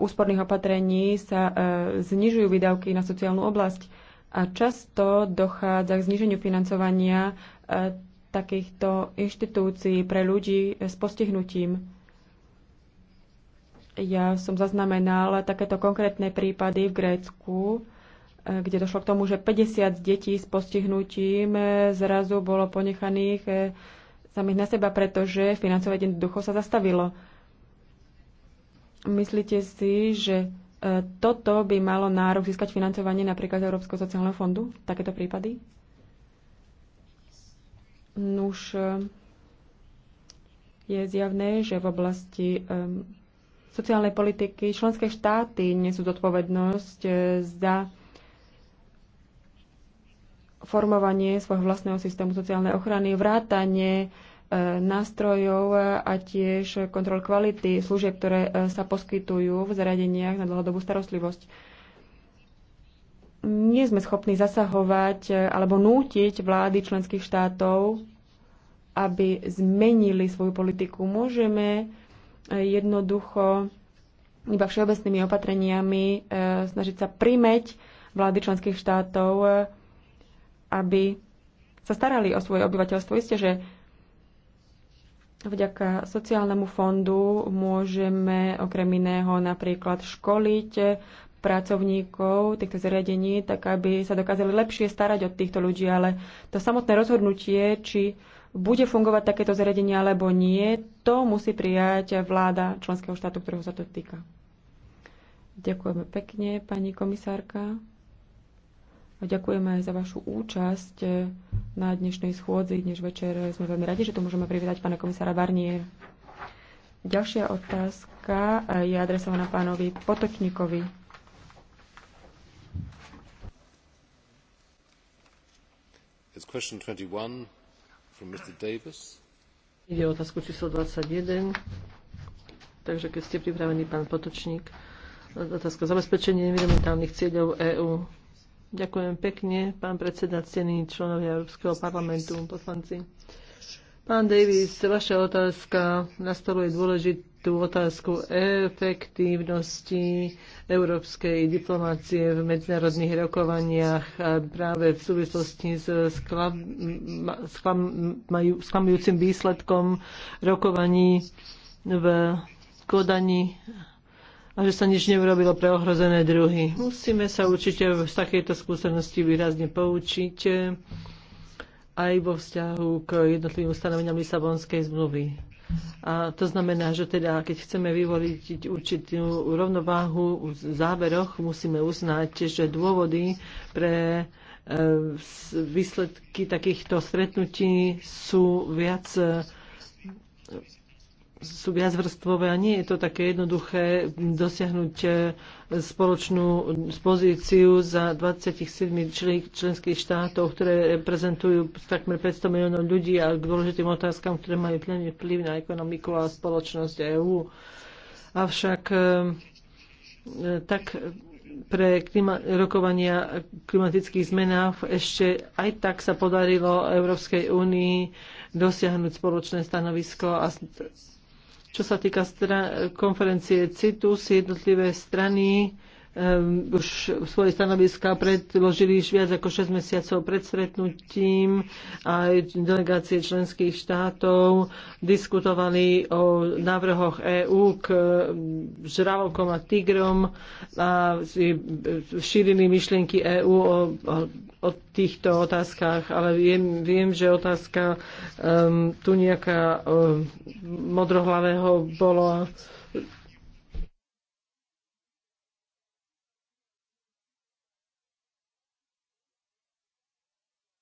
úsporných opatrení sa uh, znižujú výdavky na sociálnu oblasť a často dochádza k zniženiu financovania uh, takýchto inštitúcií pre ľudí s postihnutím. Ja som zaznamenal takéto konkrétne prípady v Grécku, e, kde došlo k tomu, že 50 detí s postihnutím e, zrazu bolo ponechaných e, samých na seba, pretože financové jednoducho sa zastavilo. Myslíte si, že toto by malo nárok získať financovanie napríklad z Európskeho sociálneho fondu? Takéto prípady? Nuž je zjavné, že v oblasti sociálnej politiky. Členské štáty nesú zodpovednosť eh, za formovanie svojho vlastného systému sociálnej ochrany, vrátanie eh, nástrojov eh, a tiež kontrol kvality služieb, ktoré sa poskytujú v zariadeniach na dlhodobú starostlivosť. Nie sme schopní zasahovať alebo nútiť vlády členských štátov, aby zmenili svoju politiku. Môžeme jednoducho iba všeobecnými opatreniami e, snažiť sa primeť vlády členských štátov, e, aby sa starali o svoje obyvateľstvo. Isté, že vďaka sociálnemu fondu môžeme okrem iného napríklad školiť pracovníkov týchto zariadení, tak aby sa dokázali lepšie starať od týchto ľudí, ale to samotné rozhodnutie, či bude fungovať takéto zariadenie alebo nie, to musí prijať vláda členského štátu, ktorého sa to týka. Ďakujeme pekne, pani komisárka. A ďakujeme aj za vašu účasť na dnešnej schôdzi. Dnes večer sme veľmi radi, že tu môžeme privítať pána komisára Barnier. Ďalšia otázka je adresovaná pánovi Potočníkovi. It's question 21. Ide o otázku číslo 21. Takže keď ste pripravení, pán Potočník. Otázka zabezpečenie environmentálnych cieľov EÚ. Ďakujem pekne, pán predseda, cení členovia Európskeho parlamentu, poslanci. Pán Davis, vaša otázka nastoluje dôležitú tú otázku efektívnosti európskej diplomácie v medzinárodných rokovaniach práve v súvislosti s sklamujúcim výsledkom rokovaní v Kodani a že sa nič neurobilo pre ohrozené druhy. Musíme sa určite z takejto skúsenosti výrazne poučiť aj vo vzťahu k jednotlivým ustanoveniam Lisabonskej zmluvy a to znamená, že teda, keď chceme vyvoliť určitú rovnováhu v záveroch, musíme uznať, že dôvody pre e, výsledky takýchto stretnutí sú viac sú viacvrstvové a nie je to také jednoduché dosiahnuť e, spoločnú pozíciu za 27 členských štátov, ktoré reprezentujú takmer 500 miliónov ľudí a k dôležitým otázkam, ktoré majú vplyv na ekonomiku a spoločnosť EÚ. Avšak e, e, tak pre klima- rokovania klimatických zmenách ešte aj tak sa podarilo Európskej únii dosiahnuť spoločné stanovisko a čo sa týka konferencie CITUS, jednotlivé strany um, už svoje stanoviska predložili už viac ako 6 mesiacov pred stretnutím a delegácie členských štátov diskutovali o návrhoch EÚ k ehm, žravokom a tigrom a ehm, šírili myšlienky EÚ o, o, o týchto otázkach, ale viem, viem že otázka um, tu nejaká um, modrohlavého bolo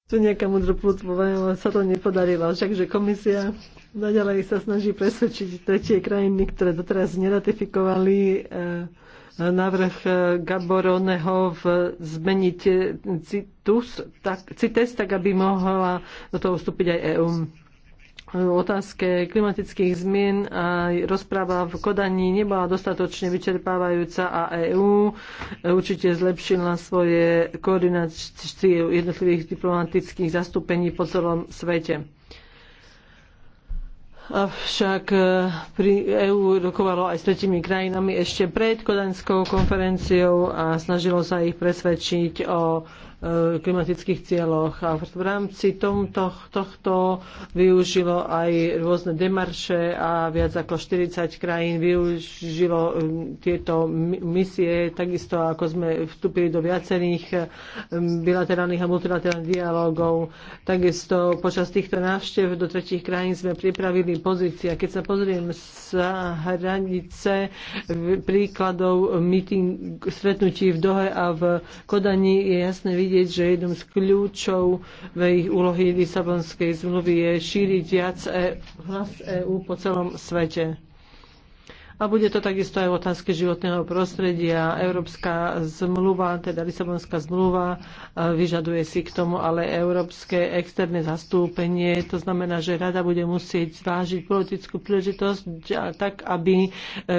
tu nejakému druplutvovému, ale sa to nepodarilo. že komisia naďalej sa snaží presvedčiť tretie krajiny, ktoré doteraz neratifikovali e, návrh e, Gaboroneho, v zmeniť e, CITUS, tak, CITES, tak aby mohla do toho vstúpiť aj EÚ otázke klimatických zmien a rozpráva v Kodani nebola dostatočne vyčerpávajúca a EÚ určite zlepšila svoje koordinácie jednotlivých diplomatických zastúpení po celom svete. Avšak eh, pri EÚ rokovalo aj s tretimi krajinami ešte pred Kodanskou konferenciou a snažilo sa ich presvedčiť o Eh, klimatických cieľoch. A v rámci tomto, tohto využilo aj rôzne demarše a viac ako 40 krajín využilo eh, tieto misie, takisto ako sme vstúpili do viacerých eh, bilaterálnych a multilaterálnych dialogov. Takisto počas týchto návštev do tretich krajín sme pripravili pozície. Keď sa pozriem sa hranice príkladov meeting, stretnutí v Dohe a v Kodani, je jasné vidieť, vidieť, že jednou z kľúčov v ich úlohy Lisabonskej zmluvy je šíriť viac e- hlas EÚ po celom svete. A bude to takisto aj v otázke životného prostredia. Európska zmluva, teda Lisabonská zmluva, e, vyžaduje si k tomu ale európske externé zastúpenie. To znamená, že rada bude musieť vážiť politickú príležitosť tak, aby e,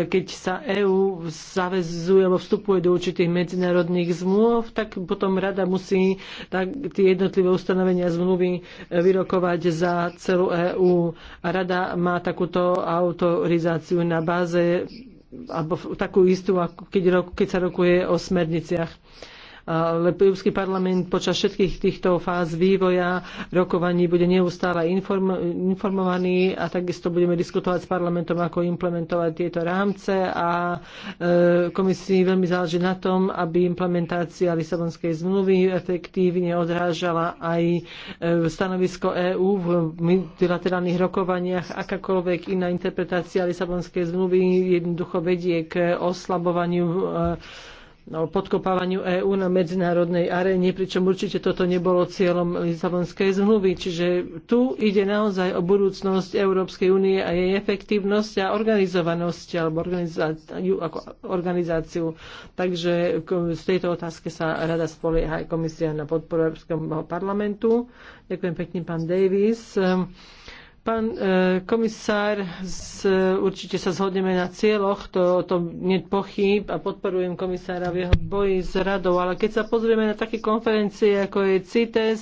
keď sa EÚ zavezuje alebo vstupuje do určitých medzinárodných zmluv, tak potom rada musí tak, tie jednotlivé ustanovenia zmluvy e, vyrokovať za celú EÚ. A rada má takúto autorizáciu na báze alebo takú istú, ako keď, keď sa rokuje o smerniciach. Európsky parlament počas všetkých týchto fáz vývoja rokovaní bude neustále informovaný a takisto budeme diskutovať s parlamentom, ako implementovať tieto rámce a e, komisii veľmi záleží na tom, aby implementácia Lisabonskej zmluvy efektívne odrážala aj e, stanovisko EÚ v multilaterálnych rokovaniach. Akákoľvek iná interpretácia Lisabonskej zmluvy jednoducho vedie k oslabovaniu e, o podkopávaniu EÚ na medzinárodnej aréne, pričom určite toto nebolo cieľom Lisabonskej zmluvy. Čiže tu ide naozaj o budúcnosť Európskej únie a jej efektívnosť a organizovanosť alebo organizáciu, ako organizáciu. Takže z tejto otázke sa rada spolieha aj komisia na podporu Európskeho parlamentu. Ďakujem pekne, pán Davis. Pán e, komisár, z určite sa zhodneme na cieľoch, to o tom nie a podporujem komisára v jeho boji s radou, ale keď sa pozrieme na také konferencie, ako je CITES,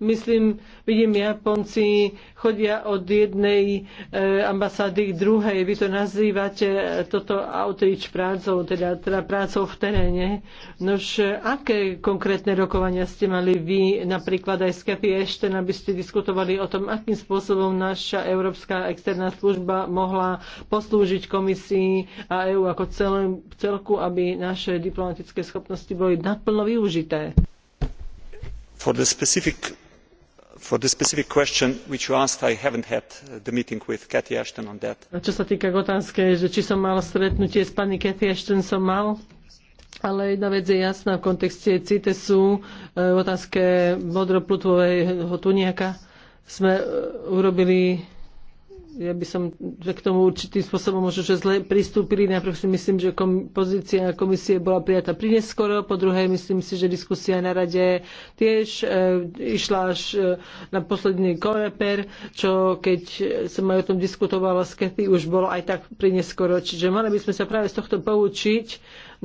Myslím, vidím, Japonci chodia od jednej e, ambasády k druhej. Vy to nazývate e, toto outreach prácou, teda, teda prácou v teréne. Nož, e, aké konkrétne rokovania ste mali vy, napríklad aj s Kathy Ashton, aby ste diskutovali o tom, akým spôsobom naša Európska externá služba mohla poslúžiť komisii a EÚ ako celku, aby naše diplomatické schopnosti boli naplno využité? for the specific question which you asked i have not had uh, the meeting with cathy ashton on that. čo sa týka otázky že či som mal stretnutie s pani cathy ashton som mal ale jedna vec je jasná v kontexte CITESu, e, v otázke modroplutvového tuniaka sme e, urobili ja by som že k tomu určitým spôsobom možno, že zle pristúpili. Najprv si myslím, že kom, pozícia komisie bola prijatá prineskoro, po druhé myslím si, že diskusia na rade tiež e, išla až e, na posledný koreper, čo keď som aj o tom diskutovala s Kety, už bolo aj tak prineskoro. Čiže mali by sme sa práve z tohto poučiť,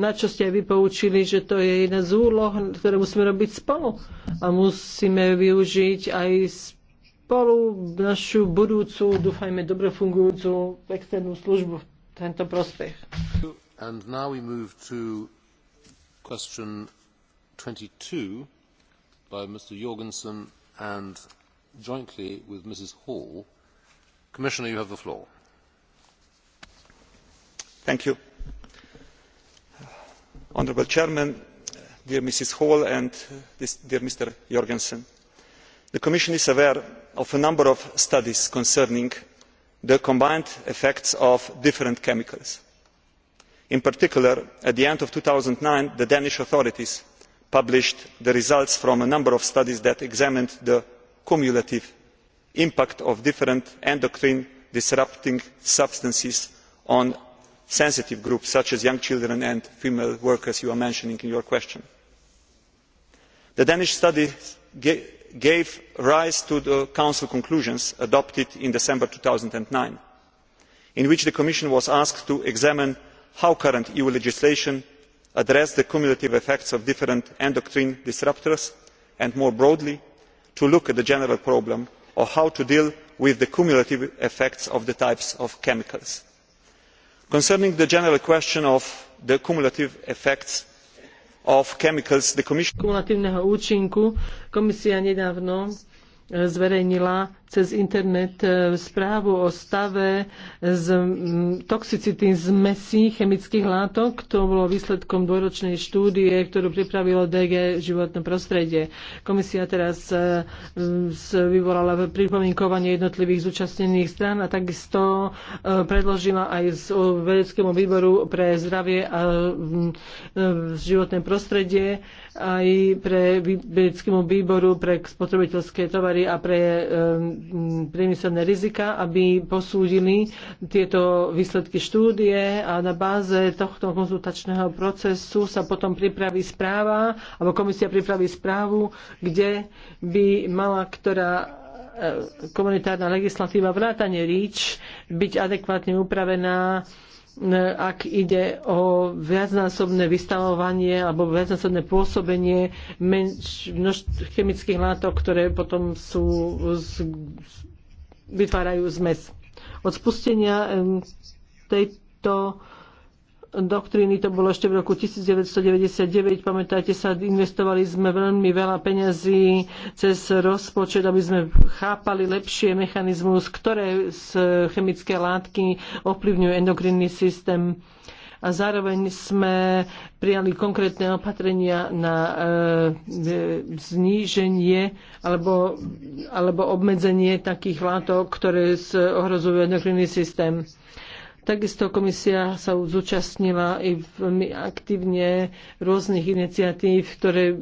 na čo ste aj vy poučili, že to je jedna z úloh, ktoré musíme robiť spolu. A musíme využiť aj spolu našu budúcu, dúfajme, dobre fungujúcu externú službu v tento prospech. And now we move to question 22 by Mr. Jorgensen and jointly with Mrs. Hall. Commissioner, you have the floor. Thank you. Honourable Chairman, dear Mrs. Hall and this, dear Mr. Jorgensen the commission is aware of a number of studies concerning the combined effects of different chemicals. in particular at the end of two thousand and nine the danish authorities published the results from a number of studies that examined the cumulative impact of different endocrine disrupting substances on sensitive groups such as young children and female workers as you mentioned in your question. the danish studies gave rise to the council conclusions adopted in december two thousand and nine in which the commission was asked to examine how current eu legislation addresses the cumulative effects of different endocrine disruptors and more broadly to look at the general problem of how to deal with the cumulative effects of the types of chemicals. concerning the general question of the cumulative effects kumulatívneho účinku komisia nedávno e, zverejnila cez internet e, správu o stave z toxicity zmesí chemických látok. To bolo výsledkom dôročnej štúdie, ktorú pripravilo DG životné prostredie. Komisia teraz e, vyvolala pripomienkovanie jednotlivých zúčastnených strán a takisto e, predložila aj z vedeckému výboru pre zdravie a životné prostredie aj pre vedeckému výboru pre spotrebiteľské tovary a pre priemyselné rizika, aby posúdili tieto výsledky štúdie a na báze tohto konzultačného procesu sa potom pripraví správa, alebo komisia pripraví správu, kde by mala ktorá e, komunitárna legislatíva vrátane REACH byť adekvátne upravená E, ak ide o viacnásobné vystavovanie alebo viacnásobné pôsobenie menš, množ, chemických látok, ktoré potom sú, z, vytvárajú zmes. Od spustenia e, tejto doktríny, to bolo ešte v roku 1999, pamätáte sa, investovali sme veľmi veľa peňazí cez rozpočet, aby sme chápali lepšie mechanizmus, ktoré z chemické látky ovplyvňujú endokrinný systém. A zároveň sme prijali konkrétne opatrenia na e, zníženie alebo, alebo obmedzenie takých látok, ktoré ohrozujú endokrinný systém Takisto komisia sa zúčastnila i veľmi aktívne rôznych iniciatív, ktoré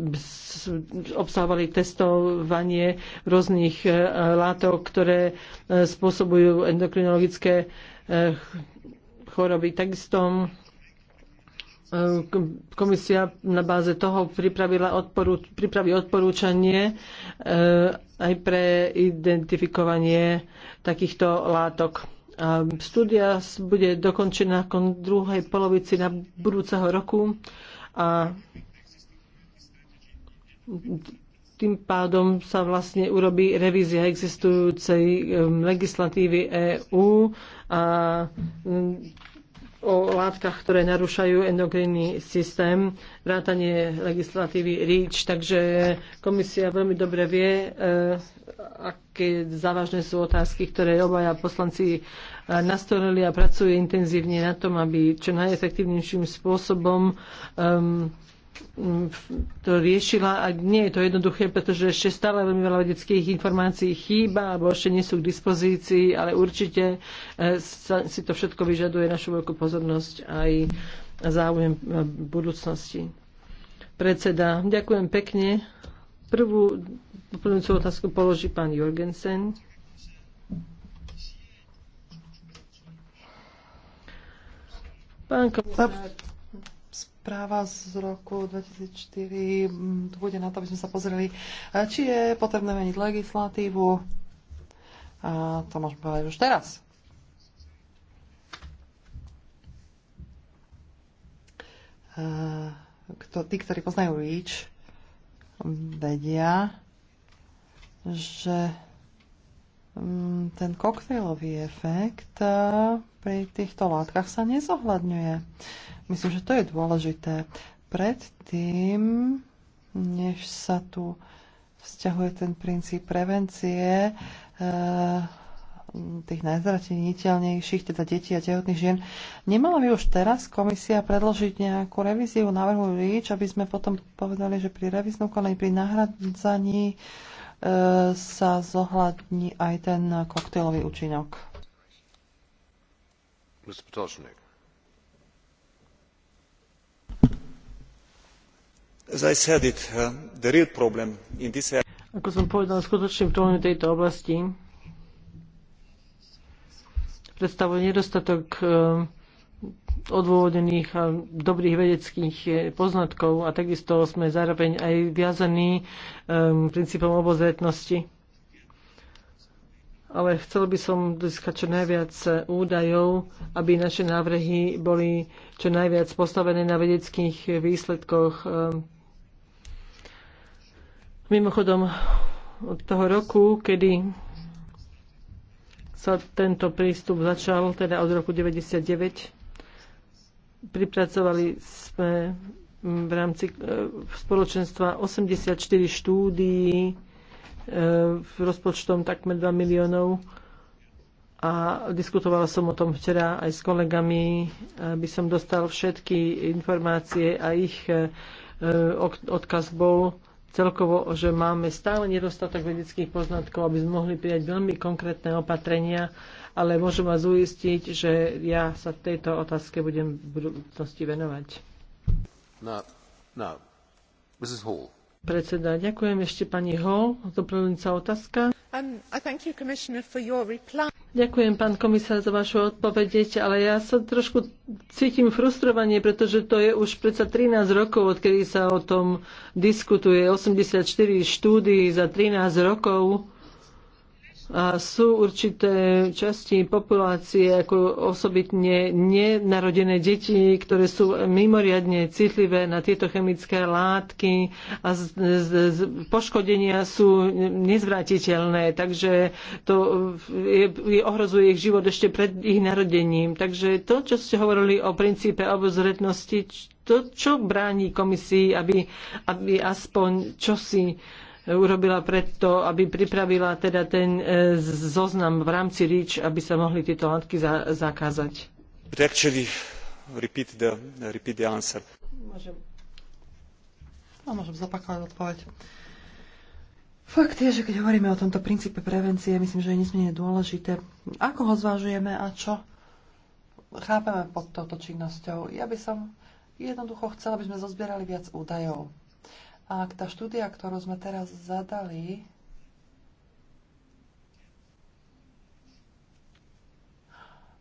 obsahovali testovanie rôznych e, látok, ktoré e, spôsobujú endokrinologické e, choroby. Takisto komisia na báze toho pripravila pripraví odporúčanie aj pre identifikovanie takýchto látok. A bude dokončená kon druhej polovici na budúceho roku a tým pádom sa vlastne urobí revízia existujúcej legislatívy EÚ a o látkach, ktoré narúšajú endokrinný systém, vrátanie legislatívy REACH. Takže komisia veľmi dobre vie, aké závažné sú otázky, ktoré obaja poslanci eh, nastolili a pracuje intenzívne na tom, aby čo najefektívnejším spôsobom um, to riešila a nie je to jednoduché, pretože ešte stále veľmi veľa vedeckých informácií chýba alebo ešte nie sú k dispozícii, ale určite eh, sa, si to všetko vyžaduje našu veľkú pozornosť aj záujem eh, budúcnosti. Predseda, ďakujem pekne. Prvú Doplňujúcu otázku položí pán Jorgensen. Pán komisár. Správa z roku 2004 mm, tu bude na to, aby sme sa pozreli, či je potrebné meniť legislatívu. A to môžeme povedať už teraz. Kto, tí, ktorí poznajú REACH, mm, vedia, že mm, ten koktejlový efekt e, pri týchto látkach sa nezohľadňuje. Myslím, že to je dôležité. Predtým, než sa tu vzťahuje ten princíp prevencie e, tých najzrateniteľnejších, teda detí a tehotných žien, nemala by už teraz komisia predložiť nejakú revíziu návrhu REACH, aby sme potom povedali, že pri revíznom konaní, pri nahradzaní E, sa zohľadní aj ten koktejlový účinok. Uh, Ako som povedal, skutočný problém v tejto oblasti predstavuje nedostatok uh, odôvodených a dobrých vedeckých eh, poznatkov a takisto sme zároveň aj viazaní um, princípom obozretnosti. Ale chcel by som získať čo najviac eh, údajov, aby naše návrhy boli čo najviac postavené na vedeckých eh, výsledkoch. Ehm. Mimochodom, od toho roku, kedy sa tento prístup začal, teda od roku 99, pripracovali sme mm, v rámci e, spoločenstva 84 štúdií e, v rozpočtom takmer 2 miliónov a diskutovala som o tom včera aj s kolegami, aby som dostal všetky informácie a ich e, odkaz bol celkovo, že máme stále nedostatok vedeckých poznatkov, aby sme mohli prijať veľmi konkrétne opatrenia, ale môžem vás uistiť, že ja sa tejto otázke budem v budúcnosti venovať. No, no. Mrs. Hall. Predseda, ďakujem ešte pani Hall. Doplňujúca otázka. Um, I thank you, Commissioner, for your reply. Ďakujem, pán komisár, za vašu odpovedeť, ale ja sa trošku cítim frustrovanie, pretože to je už predsa 13 rokov, odkedy sa o tom diskutuje. 84 štúdií za 13 rokov a sú určité časti populácie, ako osobitne nenarodené deti, ktoré sú mimoriadne citlivé na tieto chemické látky a z, z, z, poškodenia sú nezvratiteľné, takže to je, je, ohrozuje ich život ešte pred ich narodením. Takže to, čo ste hovorili o princípe obozretnosti, to, čo bráni komisii, aby, aby aspoň čosi urobila preto, aby pripravila teda ten e, zoznam v rámci REACH, aby sa mohli tieto látky za- zakázať? Actually, repeat the, repeat the answer. Môžem. No, môžem zapakovať odpoveď. Fakt je, že keď hovoríme o tomto princípe prevencie, myslím, že je nesmierne dôležité, ako ho zvážujeme a čo chápeme pod touto činnosťou. Ja by som jednoducho chcela, aby sme zozbierali viac údajov. A ak tá štúdia, ktorú sme teraz zadali,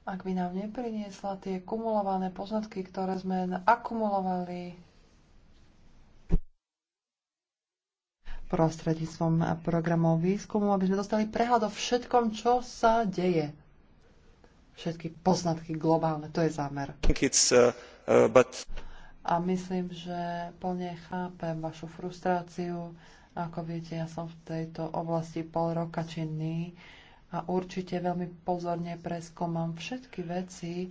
ak by nám nepriniesla tie kumulované poznatky, ktoré sme akumulovali prostredníctvom programov výskumu, aby sme dostali prehľad o všetkom, čo sa deje. Všetky poznatky globálne, to je zámer. Uh, uh, but a myslím, že plne chápem vašu frustráciu. Ako viete, ja som v tejto oblasti pol roka činný a určite veľmi pozorne preskomám všetky veci,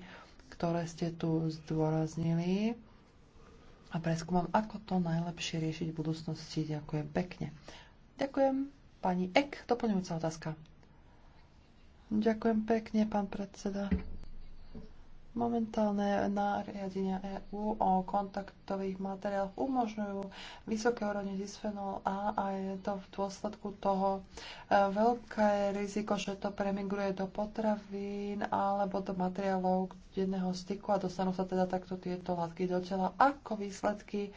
ktoré ste tu zdôraznili a preskúmam, ako to najlepšie riešiť v budúcnosti. Ďakujem pekne. Ďakujem. Pani Ek, doplňujúca otázka. Ďakujem pekne, pán predseda. Momentálne nariadenia EÚ o kontaktových materiáloch umožňujú vysoké úrovne dysfenol A a je to v dôsledku toho e, veľké riziko, že to premigruje do potravín alebo do materiálov denného styku a dostanú sa teda takto tieto látky do tela ako výsledky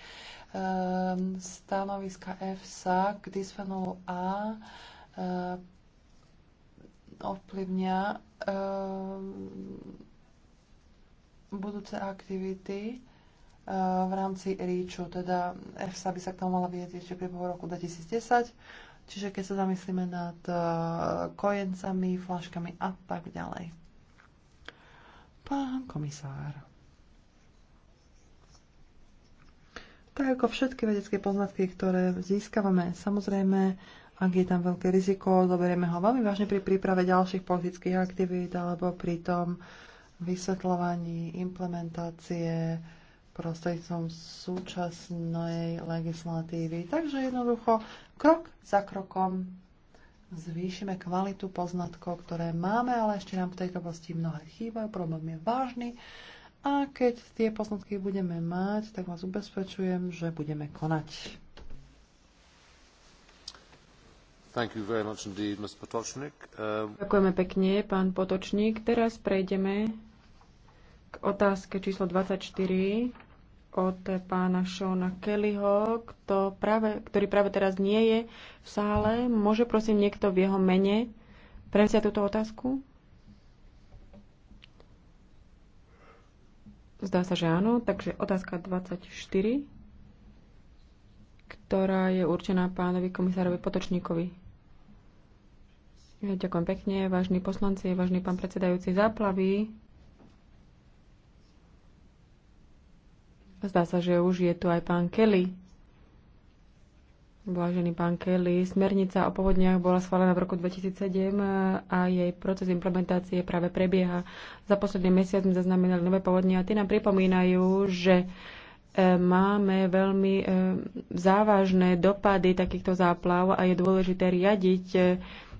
um, stanoviska EFSA k dysfenolu A um, e, ovplyvňa um, budúce aktivity eh, v rámci REACHu, teda EFSA by sa k tomu mala vyjadriť ešte pri roku 2010, čiže keď sa zamyslíme nad eh, kojencami, flaškami a tak ďalej. Pán komisár. Tak ako všetky vedecké poznatky, ktoré získavame, samozrejme, ak je tam veľké riziko, zoberieme ho veľmi vážne pri príprave ďalších politických aktivít alebo pri tom, uh, vysvetľovaní implementácie prostredníctvom súčasnej legislatívy. Takže jednoducho krok za krokom zvýšime kvalitu poznatkov, ktoré máme, ale ešte nám v tejto oblasti mnohé chýbajú, problém je vážny. A keď tie poznatky budeme mať, tak vás ubezpečujem, že budeme konať. Indeed, uh... Ďakujeme pekne, pán Potočník. Teraz prejdeme k otázke číslo 24 od pána Šona Kellyho, kto práve, ktorý práve teraz nie je v sále. Môže prosím niekto v jeho mene prevziať túto otázku? Zdá sa, že áno. Takže otázka 24, ktorá je určená pánovi komisárovi Potočníkovi. ďakujem pekne, vážni poslanci, vážny pán predsedajúci záplavy Zdá sa, že už je tu aj pán Kelly. Vážený pán Kelly, smernica o povodniach bola schválená v roku 2007 eh, a jej proces implementácie práve prebieha. Za posledný mesiac sme zaznamenali nové povodne a tie nám pripomínajú, že eh, máme veľmi eh, závažné dopady takýchto záplav a je dôležité riadiť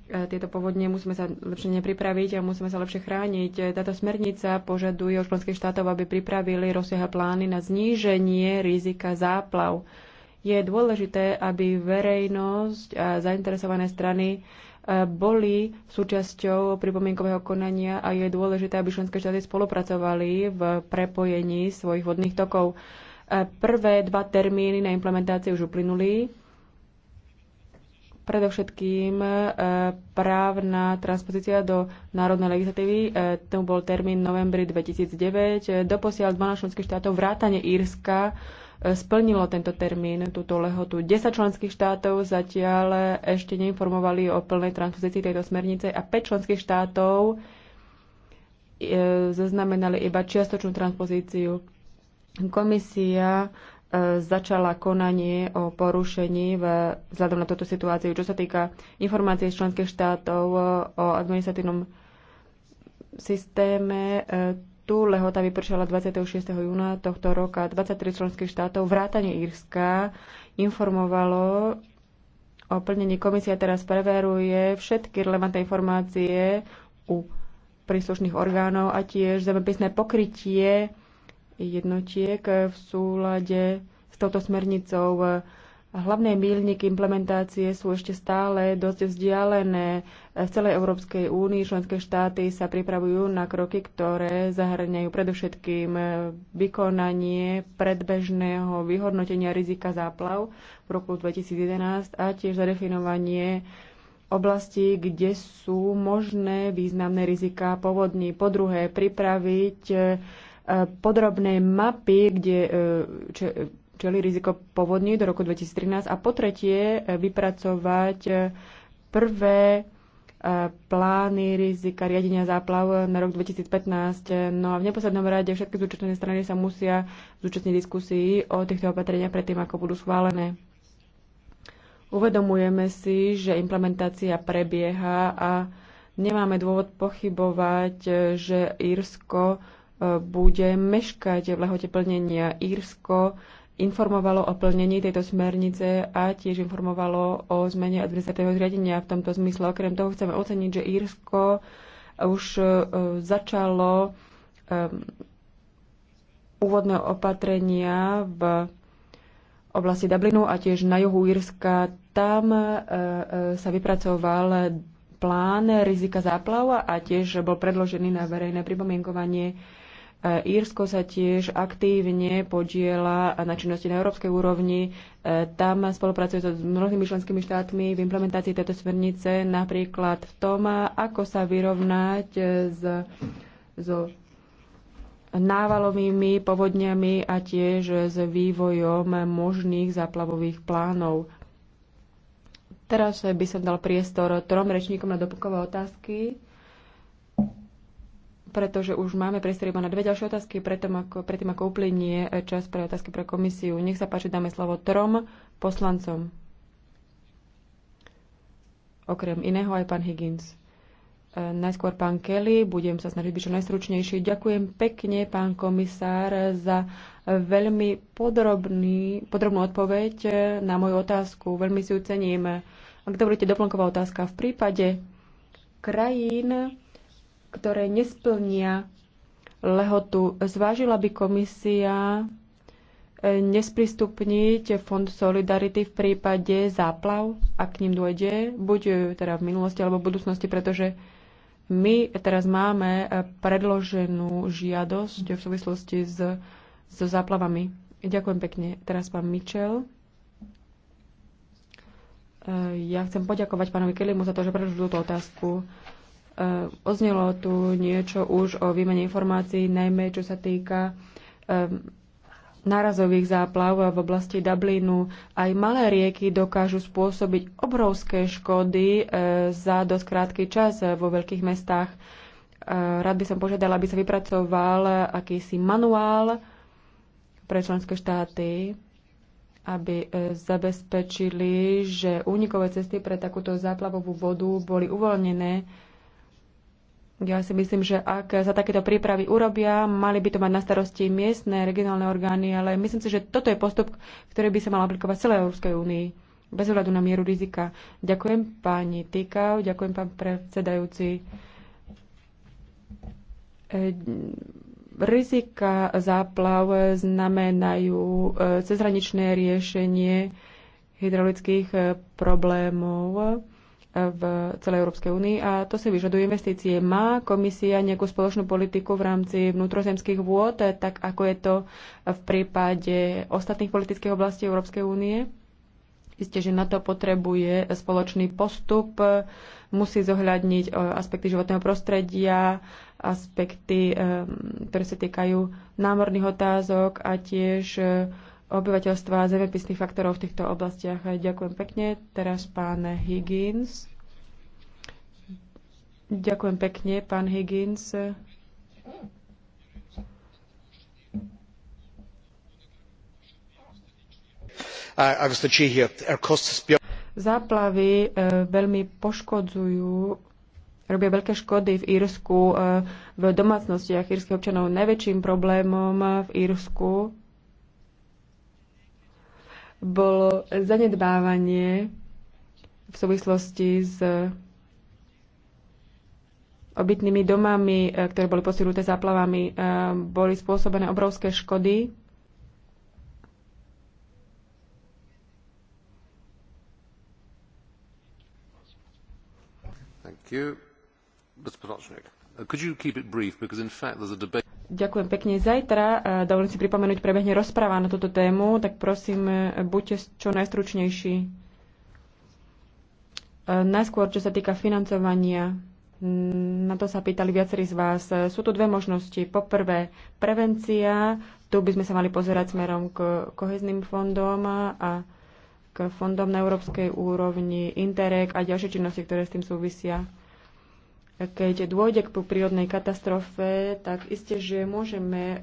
E, tieto povodne, musíme sa lepšie nepripraviť a musíme sa lepšie chrániť. E, táto smernica požaduje od členských štátov, aby pripravili rozsiahle plány na zníženie rizika záplav. Je dôležité, aby verejnosť a zainteresované strany e, boli súčasťou pripomienkového konania a je dôležité, aby členské štáty spolupracovali v prepojení svojich vodných tokov. Prvé dva termíny na implementáciu už uplynuli Predovšetkým e, právna transpozícia do národnej legislatívy, e, tomu bol termín novembri 2009. E, doposiaľ 12 členských štátov vrátane Írska splnilo tento termín, túto lehotu. 10 členských štátov zatiaľ ešte neinformovali o plnej transpozícii tejto smernice a 5 členských štátov zaznamenali iba čiastočnú transpozíciu. Komisia E, začala konanie o porušení v, vzhľadom na túto situáciu. Čo sa týka informácie z členských štátov e, o administratívnom systéme, e, tu lehota vypršala 26. júna tohto roka. 23 členských štátov, vrátane Írska, informovalo o plnení komisia teraz preveruje všetky relevantné informácie u príslušných orgánov a tiež zemepisné pokrytie jednotiek v súlade s touto smernicou. Hlavné míľniky implementácie sú ešte stále dosť vzdialené. V celej Európskej únii členské štáty sa pripravujú na kroky, ktoré zahrňajú predovšetkým vykonanie predbežného vyhodnotenia rizika záplav v roku 2011 a tiež zadefinovanie oblasti, kde sú možné významné rizika povodní. Po druhé, pripraviť E, podrobné mapy, kde e, čeli riziko povodní do roku 2013 a po tretie e, vypracovať prvé plány rizika riadenia záplav na rok 2015. No a v neposlednom rade všetky zúčastnené strany sa musia zúčastniť diskusii o týchto opatreniach predtým, ako budú schválené. Uvedomujeme si, že implementácia prebieha a nemáme dôvod pochybovať, že Írsko bude meškať v lehote plnenia. Írsko informovalo o plnení tejto smernice a tiež informovalo o zmene administratívneho zriadenia v tomto zmysle. Okrem toho chceme oceniť, že Írsko už e, začalo e, úvodné opatrenia v oblasti Dublinu a tiež na juhu Írska. Tam e, sa vypracoval plán rizika záplav a tiež bol predložený na verejné pripomienkovanie E, Írsko sa tiež aktívne podiela na činnosti na európskej úrovni. E, Tam spolupracuje so mnohými členskými štátmi v implementácii tejto smernice, napríklad v tom, ako sa vyrovnať e, s, so návalovými povodňami a tiež s vývojom možných záplavových plánov. Teraz by som dal priestor trom rečníkom na dopukové otázky pretože už máme priestor iba na dve ďalšie otázky, predtým ako, predtým ako uplynie eh, čas pre otázky pre komisiu. Nech sa páči, dáme slovo trom poslancom. Okrem iného aj pán Higgins. Eh, najskôr pán Kelly, budem sa snažiť byť čo najstručnejší. Ďakujem pekne, pán komisár, za veľmi podrobný, podrobnú odpoveď eh, na moju otázku. Veľmi si ju cením. Ak dovolíte, doplnková otázka. V prípade krajín, ktoré nesplnia lehotu. Zvážila by komisia e, nesprístupniť Fond Solidarity v prípade záplav, ak k ním dôjde, buď e, teda v minulosti alebo v budúcnosti, pretože my teraz máme e, predloženú žiadosť v súvislosti s, s záplavami. Ďakujem pekne. Teraz pán Mitchell. Ja chcem poďakovať pánovi Kelimu za to, že predložil túto otázku. Eh, oznelo tu niečo už o výmene informácií, najmä čo sa týka eh, nárazových záplav v oblasti Dublinu. Aj malé rieky dokážu spôsobiť obrovské škody eh, za dosť krátky čas vo veľkých mestách. Rád by som požiadala, aby sa vypracoval akýsi manuál pre členské štáty, aby zabezpečili, že únikové cesty pre takúto záplavovú vodu boli uvoľnené ja si myslím, že ak sa takéto prípravy urobia, mali by to mať na starosti miestne, regionálne orgány, ale myslím si, že toto je postup, ktorý by sa mal aplikovať v celej Európskej únii, bez ohľadu na mieru rizika. Ďakujem pani Týkau, ďakujem pán predsedajúci. E, rizika záplav znamenajú e, cezhraničné riešenie hydraulických e, problémov v celej Európskej únii a to si vyžaduje investície. Má komisia nejakú spoločnú politiku v rámci vnútrozemských vôd, tak ako je to v prípade ostatných politických oblastí Európskej únie? Isté, že na to potrebuje spoločný postup, musí zohľadniť eh, aspekty životného prostredia, aspekty, eh, ktoré sa týkajú námorných otázok a tiež eh, obyvateľstva a zemepisných faktorov v týchto oblastiach. Ďakujem pekne. Teraz pán Higgins. Ďakujem pekne, pán Higgins. Záplavy eh, veľmi poškodzujú, robia veľké škody v Írsku, eh, v domácnostiach írskych občanov. Najväčším problémom v Írsku bolo zanedbávanie v súvislosti s obytnými domami, e, ktoré boli postihnuté záplavami, e, boli spôsobené obrovské škody. Thank you. could you keep it brief because in fact there's a debate Ďakujem pekne. Zajtra, e, dovolím si pripomenúť, prebehne rozpráva na túto tému, tak prosím, e, buďte čo najstručnejší. E, najskôr, čo sa týka financovania, na to sa pýtali viacerí z vás. Sú tu dve možnosti. Poprvé, prevencia. Tu by sme sa mali pozerať smerom k kohezným fondom a k fondom na európskej úrovni, Interreg a ďalšie činnosti, ktoré s tým súvisia keď dôjde k prírodnej katastrofe, tak isté, že môžeme eh,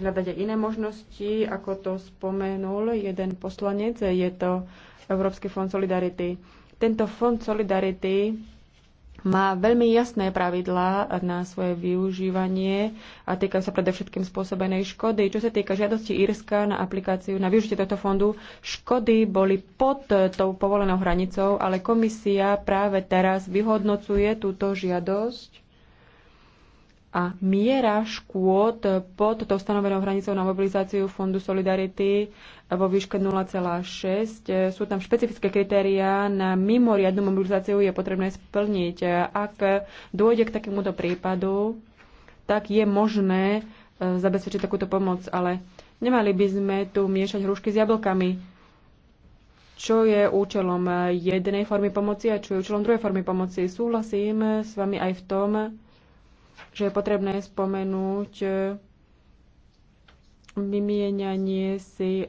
hľadať aj iné možnosti, ako to spomenul jeden poslanec, je to Európsky fond Solidarity. Tento fond Solidarity má veľmi jasné pravidlá na svoje využívanie a týkajú sa predovšetkým spôsobenej škody. Čo sa týka žiadosti Írska na aplikáciu na využitie tohto fondu, škody boli pod tou povolenou hranicou, ale komisia práve teraz vyhodnocuje túto žiadosť a miera škôd pod tou stanovenou hranicou na mobilizáciu Fondu Solidarity vo výške 0,6. Sú tam špecifické kritériá na mimoriadnu mobilizáciu je potrebné splniť. Ak dôjde k takémuto prípadu, tak je možné e, zabezpečiť takúto pomoc, ale nemali by sme tu miešať hrušky s jablkami. Čo je účelom jednej formy pomoci a čo je účelom druhej formy pomoci? Súhlasím s vami aj v tom, že je potrebné spomenúť e, vymienianie si e,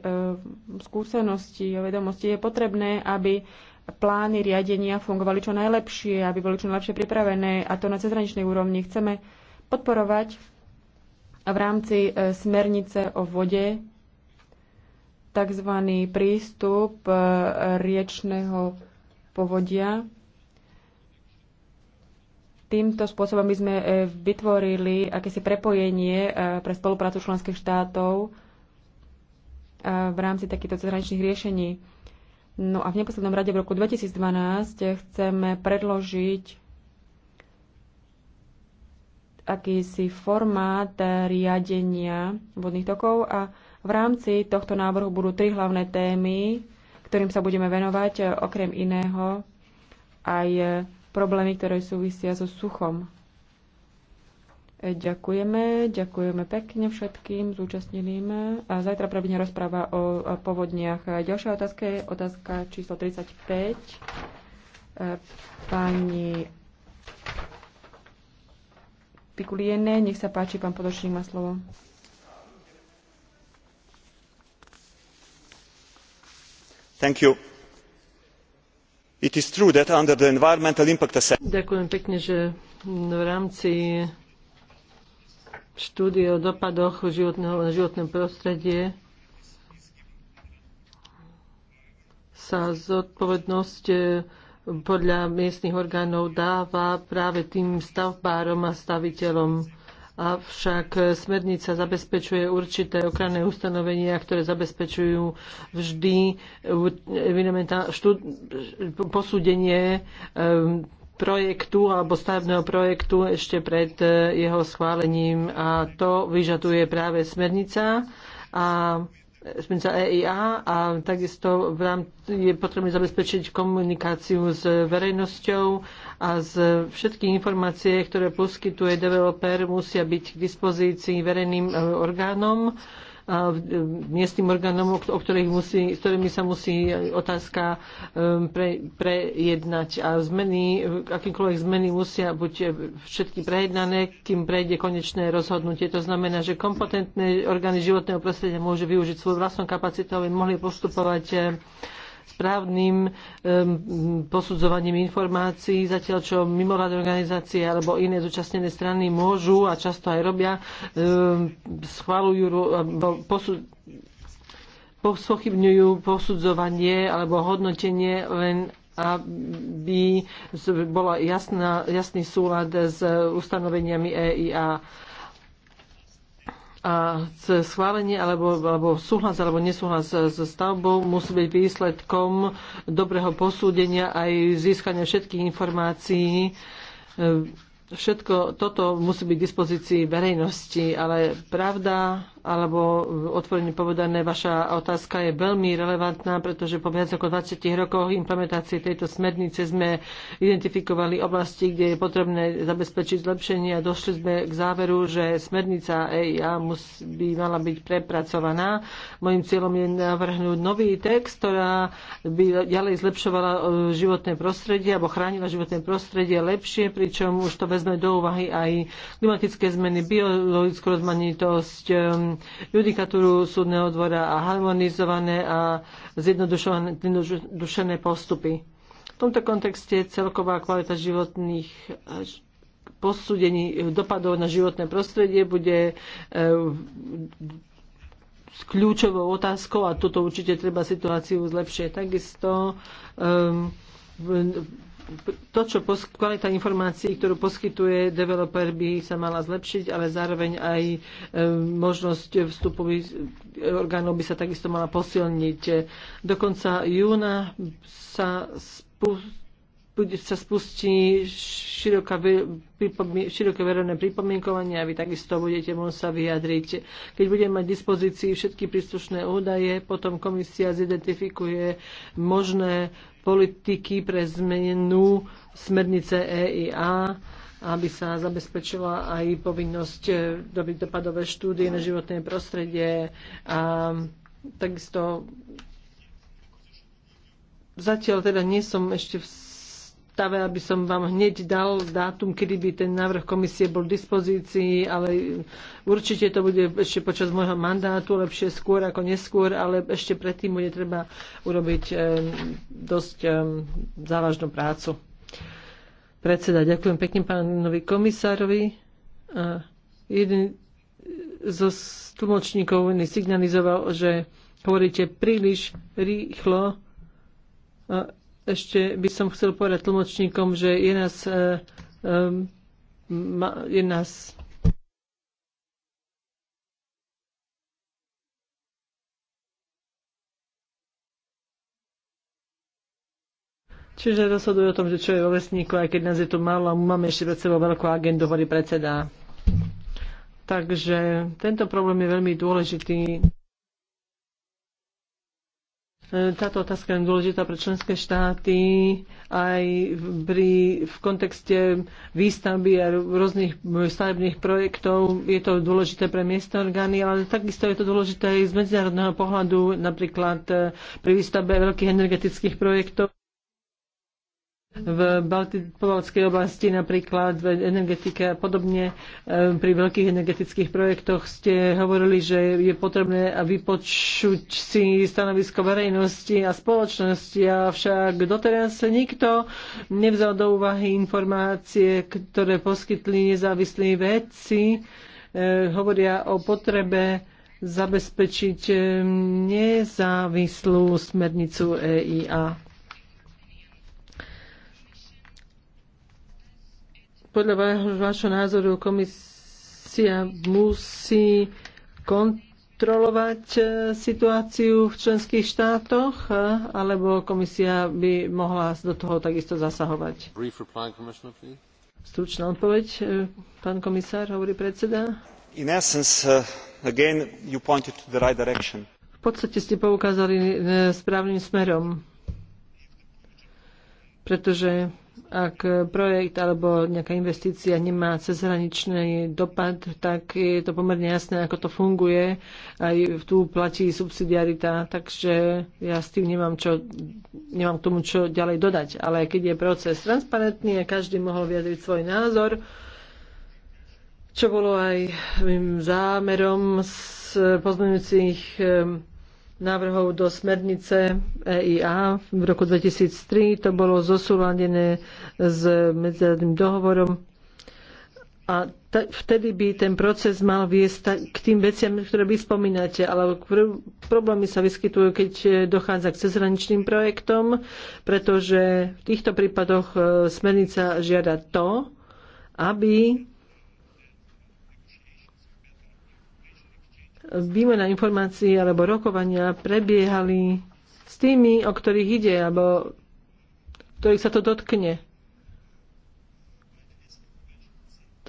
skúseností a vedomostí. Je potrebné, aby plány riadenia fungovali čo najlepšie, aby boli čo najlepšie pripravené a to na cezhraničnej úrovni. Chceme podporovať v rámci e, smernice o vode tzv. prístup riečného povodia Týmto spôsobom by sme e, vytvorili akési prepojenie e, pre spoluprácu členských štátov e, v rámci takýchto cezhraničných riešení. No a v neposlednom rade v roku 2012 chceme predložiť akýsi formát riadenia vodných tokov a v rámci tohto návrhu budú tri hlavné témy, ktorým sa budeme venovať okrem iného aj problémy, ktoré súvisia so suchom. E, ďakujeme, ďakujeme pekne všetkým zúčastneným. A zajtra prebudne rozpráva o povodniach. Ďalšia otázka je otázka číslo 35. E, pani Pikuliene, nech sa páči, pán podočník má slovo. Thank you it is true that under the environmental impact assessment Ďakujem pekne, že v rámci štúdie o dopadoch životného, na životné prostredie sa zodpovednosť e, podľa miestnych orgánov dáva práve tým stavbárom a staviteľom avšak smernica zabezpečuje určité ochranné ustanovenia, ktoré zabezpečujú vždy posúdenie ehm, projektu alebo stavebného projektu ešte pred e, jeho schválením a to vyžaduje práve smernica a za e EIA a takisto je potrebné zabezpečiť komunikáciu s verejnosťou a z všetky informácie, ktoré poskytuje developer, musia byť k dispozícii verejným e, orgánom a e, miestnym orgánom, o ktorých musí, s ktorými sa musí otázka e, pre, prejednať. A zmeny, akýkoľvek zmeny musia buď všetky prejednané, kým prejde konečné rozhodnutie. To znamená, že kompetentné orgány životného prostredia môžu využiť svoju vlastnú kapacitu, aby mohli postupovať e, správnym posudzovaním informácií, zatiaľ čo mimovládne organizácie alebo iné zúčastnené strany môžu a často aj robia, schvalujú um, posud, pochybňujú posudzovanie alebo hodnotenie len aby bola jasná, jasný súlad s ustanoveniami EIA a schválenie alebo, alebo súhlas alebo nesúhlas so stavbou musí byť výsledkom dobrého posúdenia aj získania všetkých informácií. E, všetko toto musí byť k dispozícii verejnosti, ale pravda alebo otvorene povedané, vaša otázka je veľmi relevantná, pretože po viac ako 20 rokoch implementácie tejto smernice sme identifikovali oblasti, kde je potrebné zabezpečiť zlepšenie a došli sme k záveru, že smernica EIA by mala byť prepracovaná. Mojím cieľom je navrhnúť nový text, ktorá by ďalej zlepšovala e, životné prostredie alebo chránila životné prostredie lepšie, pričom už to vezme do úvahy aj klimatické zmeny, biologickú rozmanitosť, judikatúru súdneho dvora a harmonizované a zjednodušené postupy. V tomto kontexte celková kvalita životných posúdení dopadov na životné prostredie bude e, kľúčovou otázkou a toto určite treba situáciu zlepšiť. Takisto um, to, čo pos- kvalita informácií, ktorú poskytuje developer, by sa mala zlepšiť, ale zároveň aj e, možnosť vstupu orgánov by sa takisto mala posilniť. Do konca júna sa spustí sa spustí široké verejné pripomienkovanie a vy takisto budete môcť sa vyjadriť. Keď budeme mať dispozícii všetky príslušné údaje, potom komisia zidentifikuje možné politiky pre zmenenú smernice EIA, aby sa zabezpečila aj povinnosť e, dobiť dopadové štúdie na životné prostredie a takisto zatiaľ teda nie som ešte v stave, aby som vám hneď dal dátum, kedy by ten návrh komisie bol v dispozícii, ale určite to bude ešte počas môjho mandátu, lepšie skôr ako neskôr, ale ešte predtým bude treba urobiť eh, dosť eh, závažnú prácu. Predseda, ďakujem pekne pánovi komisárovi. A jeden zo tlmočníkov signalizoval, že hovoríte príliš rýchlo ešte by som chcel povedať tlmočníkom, že je nás, e, e, je nás Čiže rozhoduje o tom, že čo je vo vesníku, aj keď nás je tu málo a máme ešte pred sebou veľkú agendu, hovorí predseda. Takže tento problém je veľmi dôležitý. Táto otázka je dôležitá pre členské štáty aj pri, v kontexte výstavby a rôznych stavebných projektov. Je to dôležité pre miestne orgány, ale takisto je to dôležité aj z medzinárodného pohľadu, napríklad pri výstavbe veľkých energetických projektov v Baltickej oblasti napríklad v energetike a podobne e, pri veľkých energetických projektoch ste hovorili, že je potrebné vypočuť si stanovisko verejnosti a spoločnosti, avšak doteraz nikto nevzal do úvahy informácie, ktoré poskytli nezávislí vedci, e, hovoria o potrebe zabezpečiť e, nezávislú smernicu EIA. podľa vášho názoru komisia musí kontrolovať e, situáciu v členských štátoch, e, alebo komisia by mohla do toho takisto zasahovať? Stručná odpoveď, e, pán komisár, hovorí predseda. In essence, uh, again, you pointed to the right direction. V podstate ste poukázali správnym smerom, pretože ak projekt alebo nejaká investícia nemá cezhraničný dopad, tak je to pomerne jasné, ako to funguje. Aj tu platí subsidiarita, takže ja s tým nemám, čo, nemám k tomu, čo ďalej dodať. Ale keď je proces transparentný a každý mohol vyjadriť svoj názor, čo bolo aj zámerom z pozmeňujúcich návrhov do smernice EIA v roku 2003. To bolo zosúladené s medzinárodným dohovorom a vtedy by ten proces mal viesť k tým veciam, ktoré vy spomínate, ale pr- problémy sa vyskytujú, keď dochádza k cezhraničným projektom, pretože v týchto prípadoch e, smernica žiada to, aby výmena informácií alebo rokovania prebiehali s tými, o ktorých ide, alebo ktorých sa to dotkne.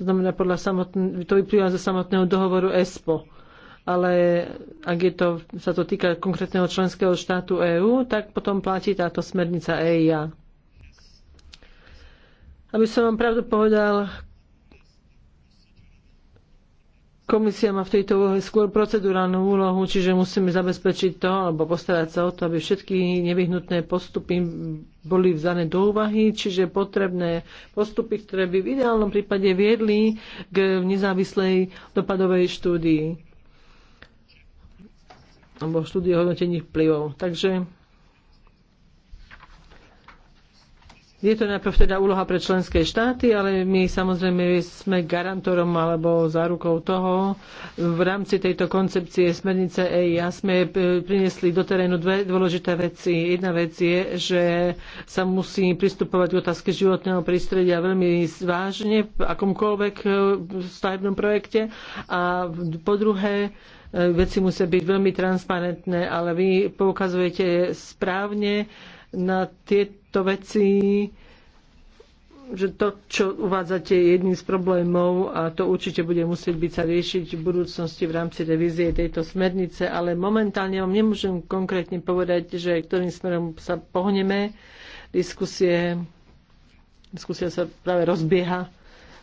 To znamená podľa samotn- to vyplýva zo samotného dohovoru ESPO. Ale ak je to, sa to týka konkrétneho členského štátu EÚ, tak potom platí táto smernica EIA. Aby som vám pravdu povedal, Komisia má v tejto úlohe skôr procedurálnu úlohu, čiže musíme zabezpečiť to, alebo postarať sa o to, aby všetky nevyhnutné postupy boli vzané do úvahy, čiže potrebné postupy, ktoré by v ideálnom prípade viedli k nezávislej dopadovej štúdii alebo štúdii hodnotení vplyvov. Takže je to najprv teda úloha pre členské štáty, ale my samozrejme sme garantorom alebo zárukou toho. V rámci tejto koncepcie smernice EIA sme e, priniesli do terénu dve dôležité veci. Jedna vec je, že sa musí pristupovať k otázke životného prístredia veľmi vážne v akomkoľvek e, stavebnom projekte. A po druhé, e, veci musia byť veľmi transparentné, ale vy poukazujete správne na tie týchto veci, že to, čo uvádzate, je jedným z problémov a to určite bude musieť byť sa riešiť v budúcnosti v rámci revízie tejto smernice, ale momentálne vám nemôžem konkrétne povedať, že ktorým smerom sa pohneme. Diskusie, diskusia sa práve rozbieha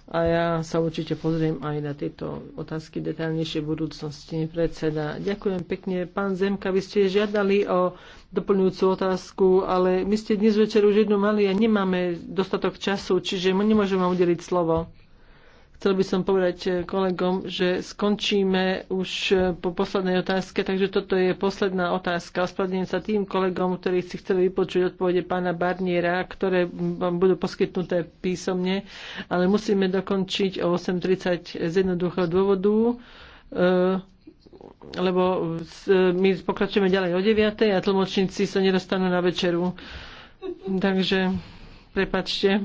a ja sa určite pozriem aj na tieto otázky detaľnejšie v budúcnosti. Predseda, ďakujem pekne. Pán Zemka, vy ste žiadali o doplňujúcu otázku, ale my ste dnes večer už jednu mali a nemáme dostatok času, čiže nemôžem vám udeliť slovo. Chcel by som povedať eh, kolegom, že skončíme už eh, po poslednej otázke, takže toto je posledná otázka. Ospravedlňujem sa tým kolegom, ktorí si chceli vypočuť odpovede pána Barniera, ktoré vám budú poskytnuté písomne, ale musíme dokončiť o 8.30 z jednoduchého dôvodu eh, lebo my pokračujeme ďalej o 9.00 a tlmočníci sa nedostanú na večeru. Takže prepačte.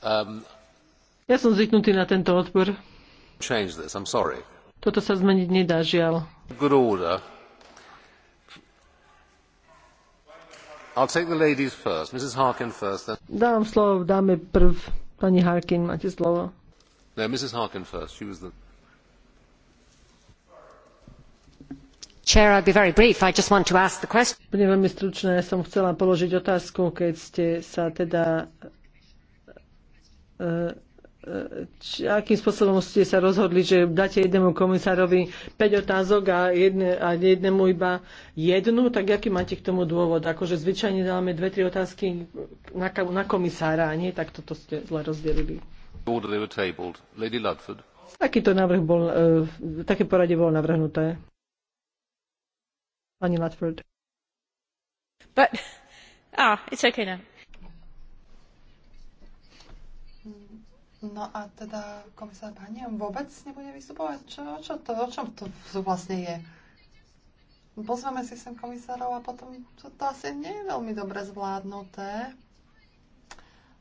Um, ja som zvyknutý na tento odpor. Toto sa zmeniť nedá, žiaľ. Good order. I'll take the ladies first. Mrs. Harkin first. Then. Dám slovo, dáme prv. Pani Harkin, máte slovo. No, Mrs. Harkin first. She was the... Chair, I'll be very brief. I just want to ask the question. Budem veľmi stručná. Ja som chcela položiť otázku, keď ste sa teda uh, či, akým spôsobom ste sa rozhodli, že dáte jednému komisárovi 5 otázok a, jedne, a jednému iba jednu, tak aký máte k tomu dôvod? Akože zvyčajne dáme dve, tri otázky na, na komisára, a nie tak toto ste zle rozdelili. Takýto návrh bol, uh, také poradie bolo navrhnuté. Pani Ludford. But, oh, it's okay now. No a teda komisár Baniem vôbec nebude vystupovať? Čo, čo to, o čom to vlastne je? Pozveme si sem komisárov a potom to, to asi nie je veľmi dobre zvládnuté,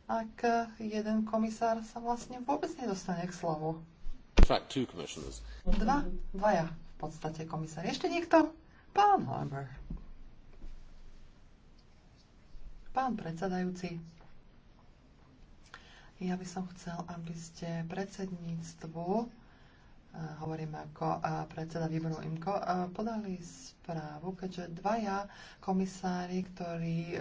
ak jeden komisár sa vlastne vôbec nedostane k slovu. Dva, dvaja v podstate komisár. Ešte niekto? Pán Hammer. Pán predsedajúci, ja by som chcel, aby ste predsedníctvu, e, hovorím ako e, predseda výboru IMKO, e, podali správu, keďže dvaja komisári, ktorí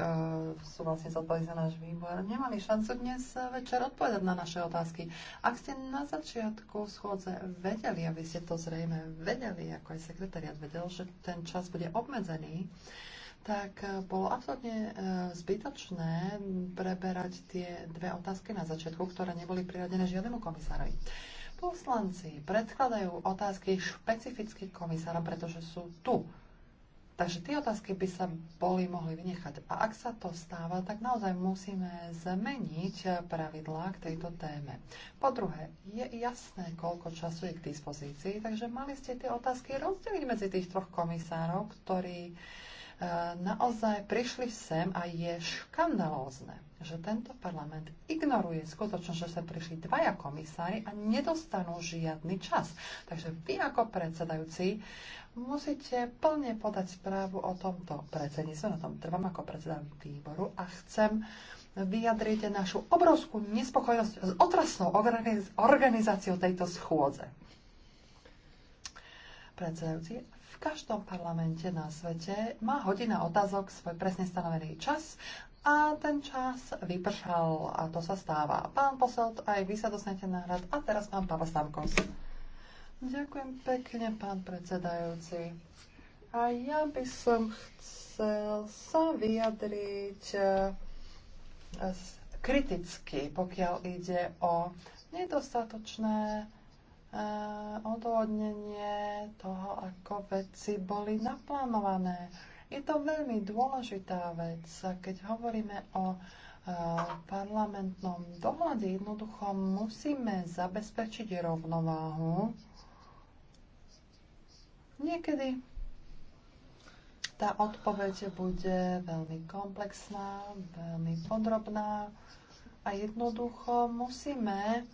sú vlastne zodpovedali za náš výbor, nemali šancu dnes večer odpovedať na naše otázky. Ak ste na začiatku schôdze vedeli, aby ste to zrejme vedeli, ako aj sekretariat vedel, že ten čas bude obmedzený, tak e, bolo absolútne e, zbytočné preberať tie dve otázky na začiatku, ktoré neboli priradené žiadnemu komisárovi. Poslanci predkladajú otázky špecificky komisára, pretože sú tu. Takže tie otázky by sa boli mohli vynechať. A ak sa to stáva, tak naozaj musíme zmeniť pravidlá k tejto téme. Po druhé, je jasné, koľko času je k dispozícii, takže mali ste tie otázky rozdeliť medzi tých troch komisárov, ktorí uh, E, naozaj prišli sem a je škandalózne, že tento parlament ignoruje skutočnosť, že sa prišli dvaja komisári a nedostanú žiadny čas. Takže vy ako predsedajúci musíte plne podať správu o tomto predsedníctve, na tom trvám ako predseda výboru a chcem vyjadriť našu obrovskú nespokojnosť s otrasnou organiz organizáciou tejto schôdze predsedajúci každom parlamente na svete má hodina otázok svoj presne stanovený čas a ten čas vypršal a to sa stáva. Pán posel, aj vy sa dostanete na hrad a teraz pán Pavel Stavkos. Ďakujem pekne, pán predsedajúci. A ja by som chcel sa vyjadriť e, kriticky, pokiaľ ide o nedostatočné Eh, odôvodnenie toho, ako veci boli naplánované. Je to veľmi dôležitá vec, keď hovoríme o eh, parlamentnom dohľade. Jednoducho musíme zabezpečiť rovnováhu. Niekedy tá odpoveď bude veľmi komplexná, veľmi podrobná a jednoducho musíme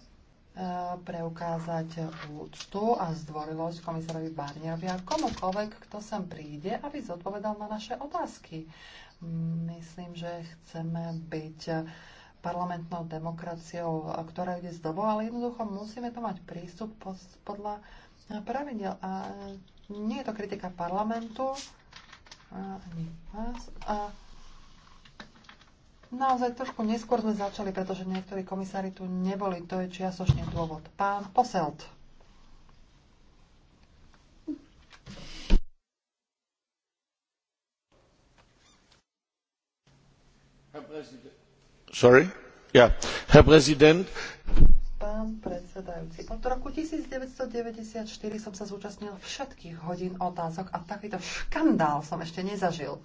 preukázať úctu a zdvorilosť komisárovi Barnierovi a komukoľvek, kto sem príde, aby zodpovedal na naše otázky. Myslím, že chceme byť parlamentnou demokraciou, ktorá ide z dobu, ale jednoducho musíme to mať prístup podľa pravidel. A nie je to kritika parlamentu, ani vás. A Naozaj trošku neskôr sme začali, pretože niektorí komisári tu neboli. To je čiasočný dôvod. Pán Poselt. Sorry? Yeah. Herr Präsident, pán predsedajúci. Od roku 1994 som sa zúčastnil všetkých hodín otázok a takýto škandál som ešte nezažil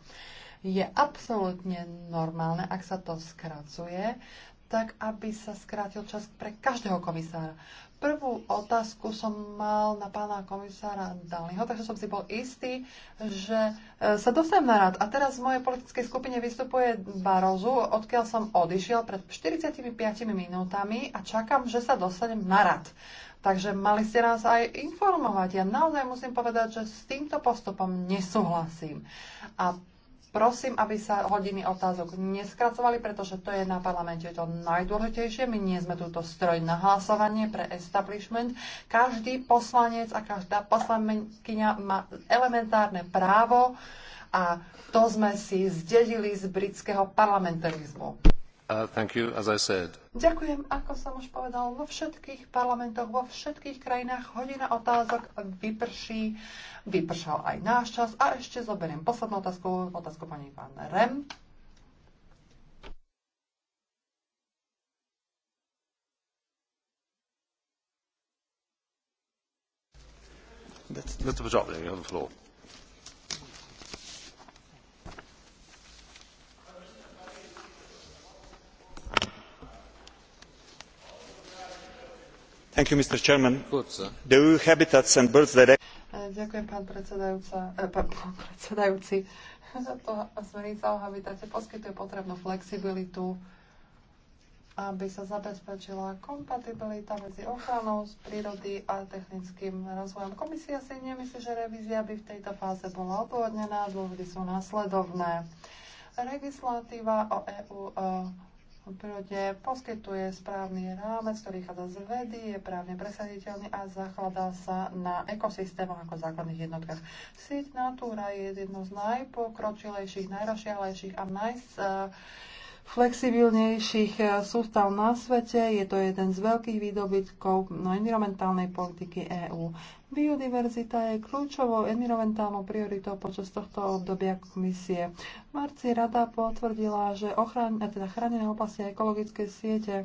je absolútne normálne, ak sa to skracuje, tak aby sa skrátil čas pre každého komisára. Prvú otázku som mal na pána komisára Daliho, takže som si bol istý, že e, sa dostanem na rad. A teraz v mojej politickej skupine vystupuje Barozu, odkiaľ som odišiel pred 45 minútami a čakám, že sa dostanem na rad. Takže mali ste nás aj informovať. Ja naozaj musím povedať, že s týmto postupom nesúhlasím. A Prosím, aby sa hodiny otázok neskracovali, pretože to je na parlamente to najdôležitejšie. My nie sme túto stroj na hlasovanie pre establishment. Každý poslanec a každá poslankyňa má elementárne právo a to sme si zdedili z britského parlamentarizmu. Uh, Ďakujem, ako som už povedal, vo všetkých parlamentoch, vo všetkých krajinách hodina otázok vyprší. Vypršal aj náš čas. A ešte zoberiem poslednú otázku, otázku pani pán Rem. That's, that's the job there. You have the floor. Ďakujem, pán predsedajúca, e, pán, predsedajúci. Táto smernica o habitate poskytuje potrebnú flexibilitu, aby sa zabezpečila kompatibilita medzi ochranou prírody a technickým rozvojom. Komisia si nemyslí, že revízia by v tejto fáze bola odôvodnená. Dôvody sú následovné. Legislatíva o EU eh, prírode poskytuje správny rámec, ktorý chádza z vedy, je právne presaditeľný a zachladá sa na ekosystémoch ako základných jednotkách. Sieť Natura je jedno z najpokročilejších, najrozšiahlejších a najflexibilnejších flexibilnejších sústav na svete. Je to jeden z veľkých výdobytkov environmentálnej politiky EÚ. Biodiverzita je kľúčovou environmentálnou prioritou počas tohto obdobia komisie. V marci rada potvrdila, že teda chránené oblasti a ekologické siete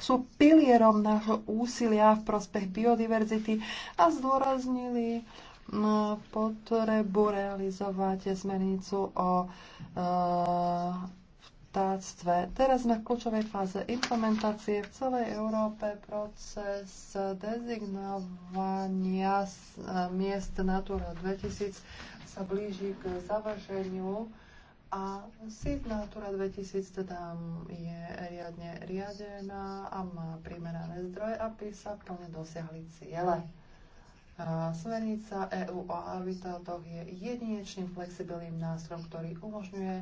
sú pilierom nášho úsilia v prospech biodiverzity a zdôraznili potrebu realizovať smernicu o e, vtáctve. Teraz sme v kľúčovej fáze implementácie v celej Európe proces dezignovania e, miest Natura 2000 sa blíži k zavaženiu a síť Natura 2000 teda je riadne riadená a má primerané zdroje, aby sa plne dosiahli ciele. smernica EU o habitatoch je jedinečným flexibilným nástrojom, ktorý umožňuje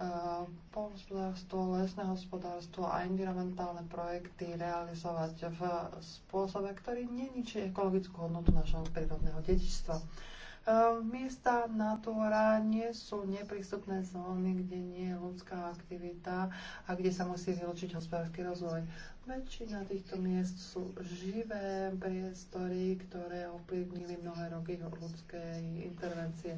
Eh, polnospodárstvo, lesné hospodárstvo a environmentálne projekty realizovať v spôsobe, ktorý neničí ekologickú hodnotu našho prírodného dedičstva. Eh, miesta Natura nie sú neprístupné zóny, kde nie je ľudská aktivita a kde sa musí vylúčiť hospodársky rozvoj. Väčšina týchto miest sú živé priestory, ktoré ovplyvnili mnohé roky ľudskej intervencie.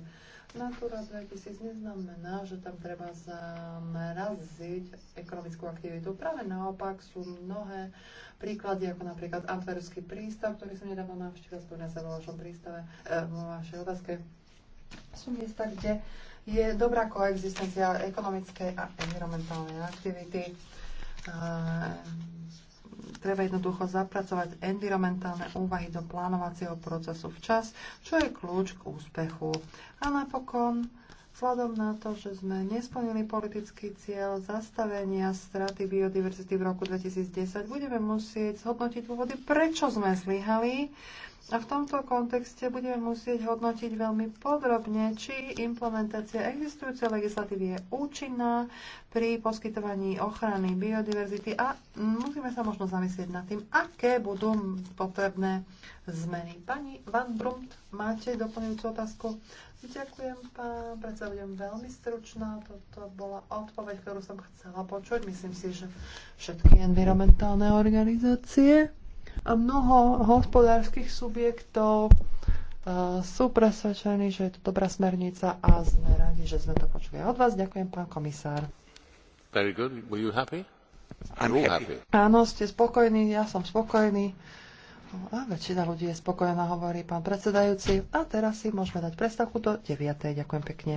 Natura 2000 neznamená, že tam treba zameraziť ekonomickú aktivitu. Práve naopak sú mnohé príklady, ako napríklad Antwerpský prístav, ktorý som nedávno navštívila, spomína sa vo vašom prístave, e, vo vašej otázke. Sú miesta, kde je dobrá koexistencia ekonomickej a environmentálnej aktivity. E, treba jednoducho zapracovať environmentálne úvahy do plánovacieho procesu včas, čo je kľúč k úspechu. A napokon, vzhľadom na to, že sme nesplnili politický cieľ zastavenia straty biodiverzity v roku 2010, budeme musieť zhodnotiť dôvody, prečo sme zlyhali a v tomto kontexte budeme musieť hodnotiť veľmi podrobne, či implementácia existujúcej legislatívy je účinná pri poskytovaní ochrany biodiverzity a musíme sa možno zamyslieť nad tým, aké budú potrebné zmeny. Pani Van Brunt, máte doplňujúcu otázku? Ďakujem, pán predseda, budem veľmi stručná. Toto bola odpoveď, ktorú som chcela počuť. Myslím si, že všetky environmentálne organizácie mnoho hospodárskych subjektov e, sú presvedčení, že je to dobrá smernica a sme radi, že sme to počuli od vás. Ďakujem, pán komisár. Very good. Were you happy? I'm happy. Áno, ste spokojní, ja som spokojný. A väčšina ľudí je spokojná, hovorí pán predsedajúci. A teraz si môžeme dať prestavku do 9. Ďakujem pekne.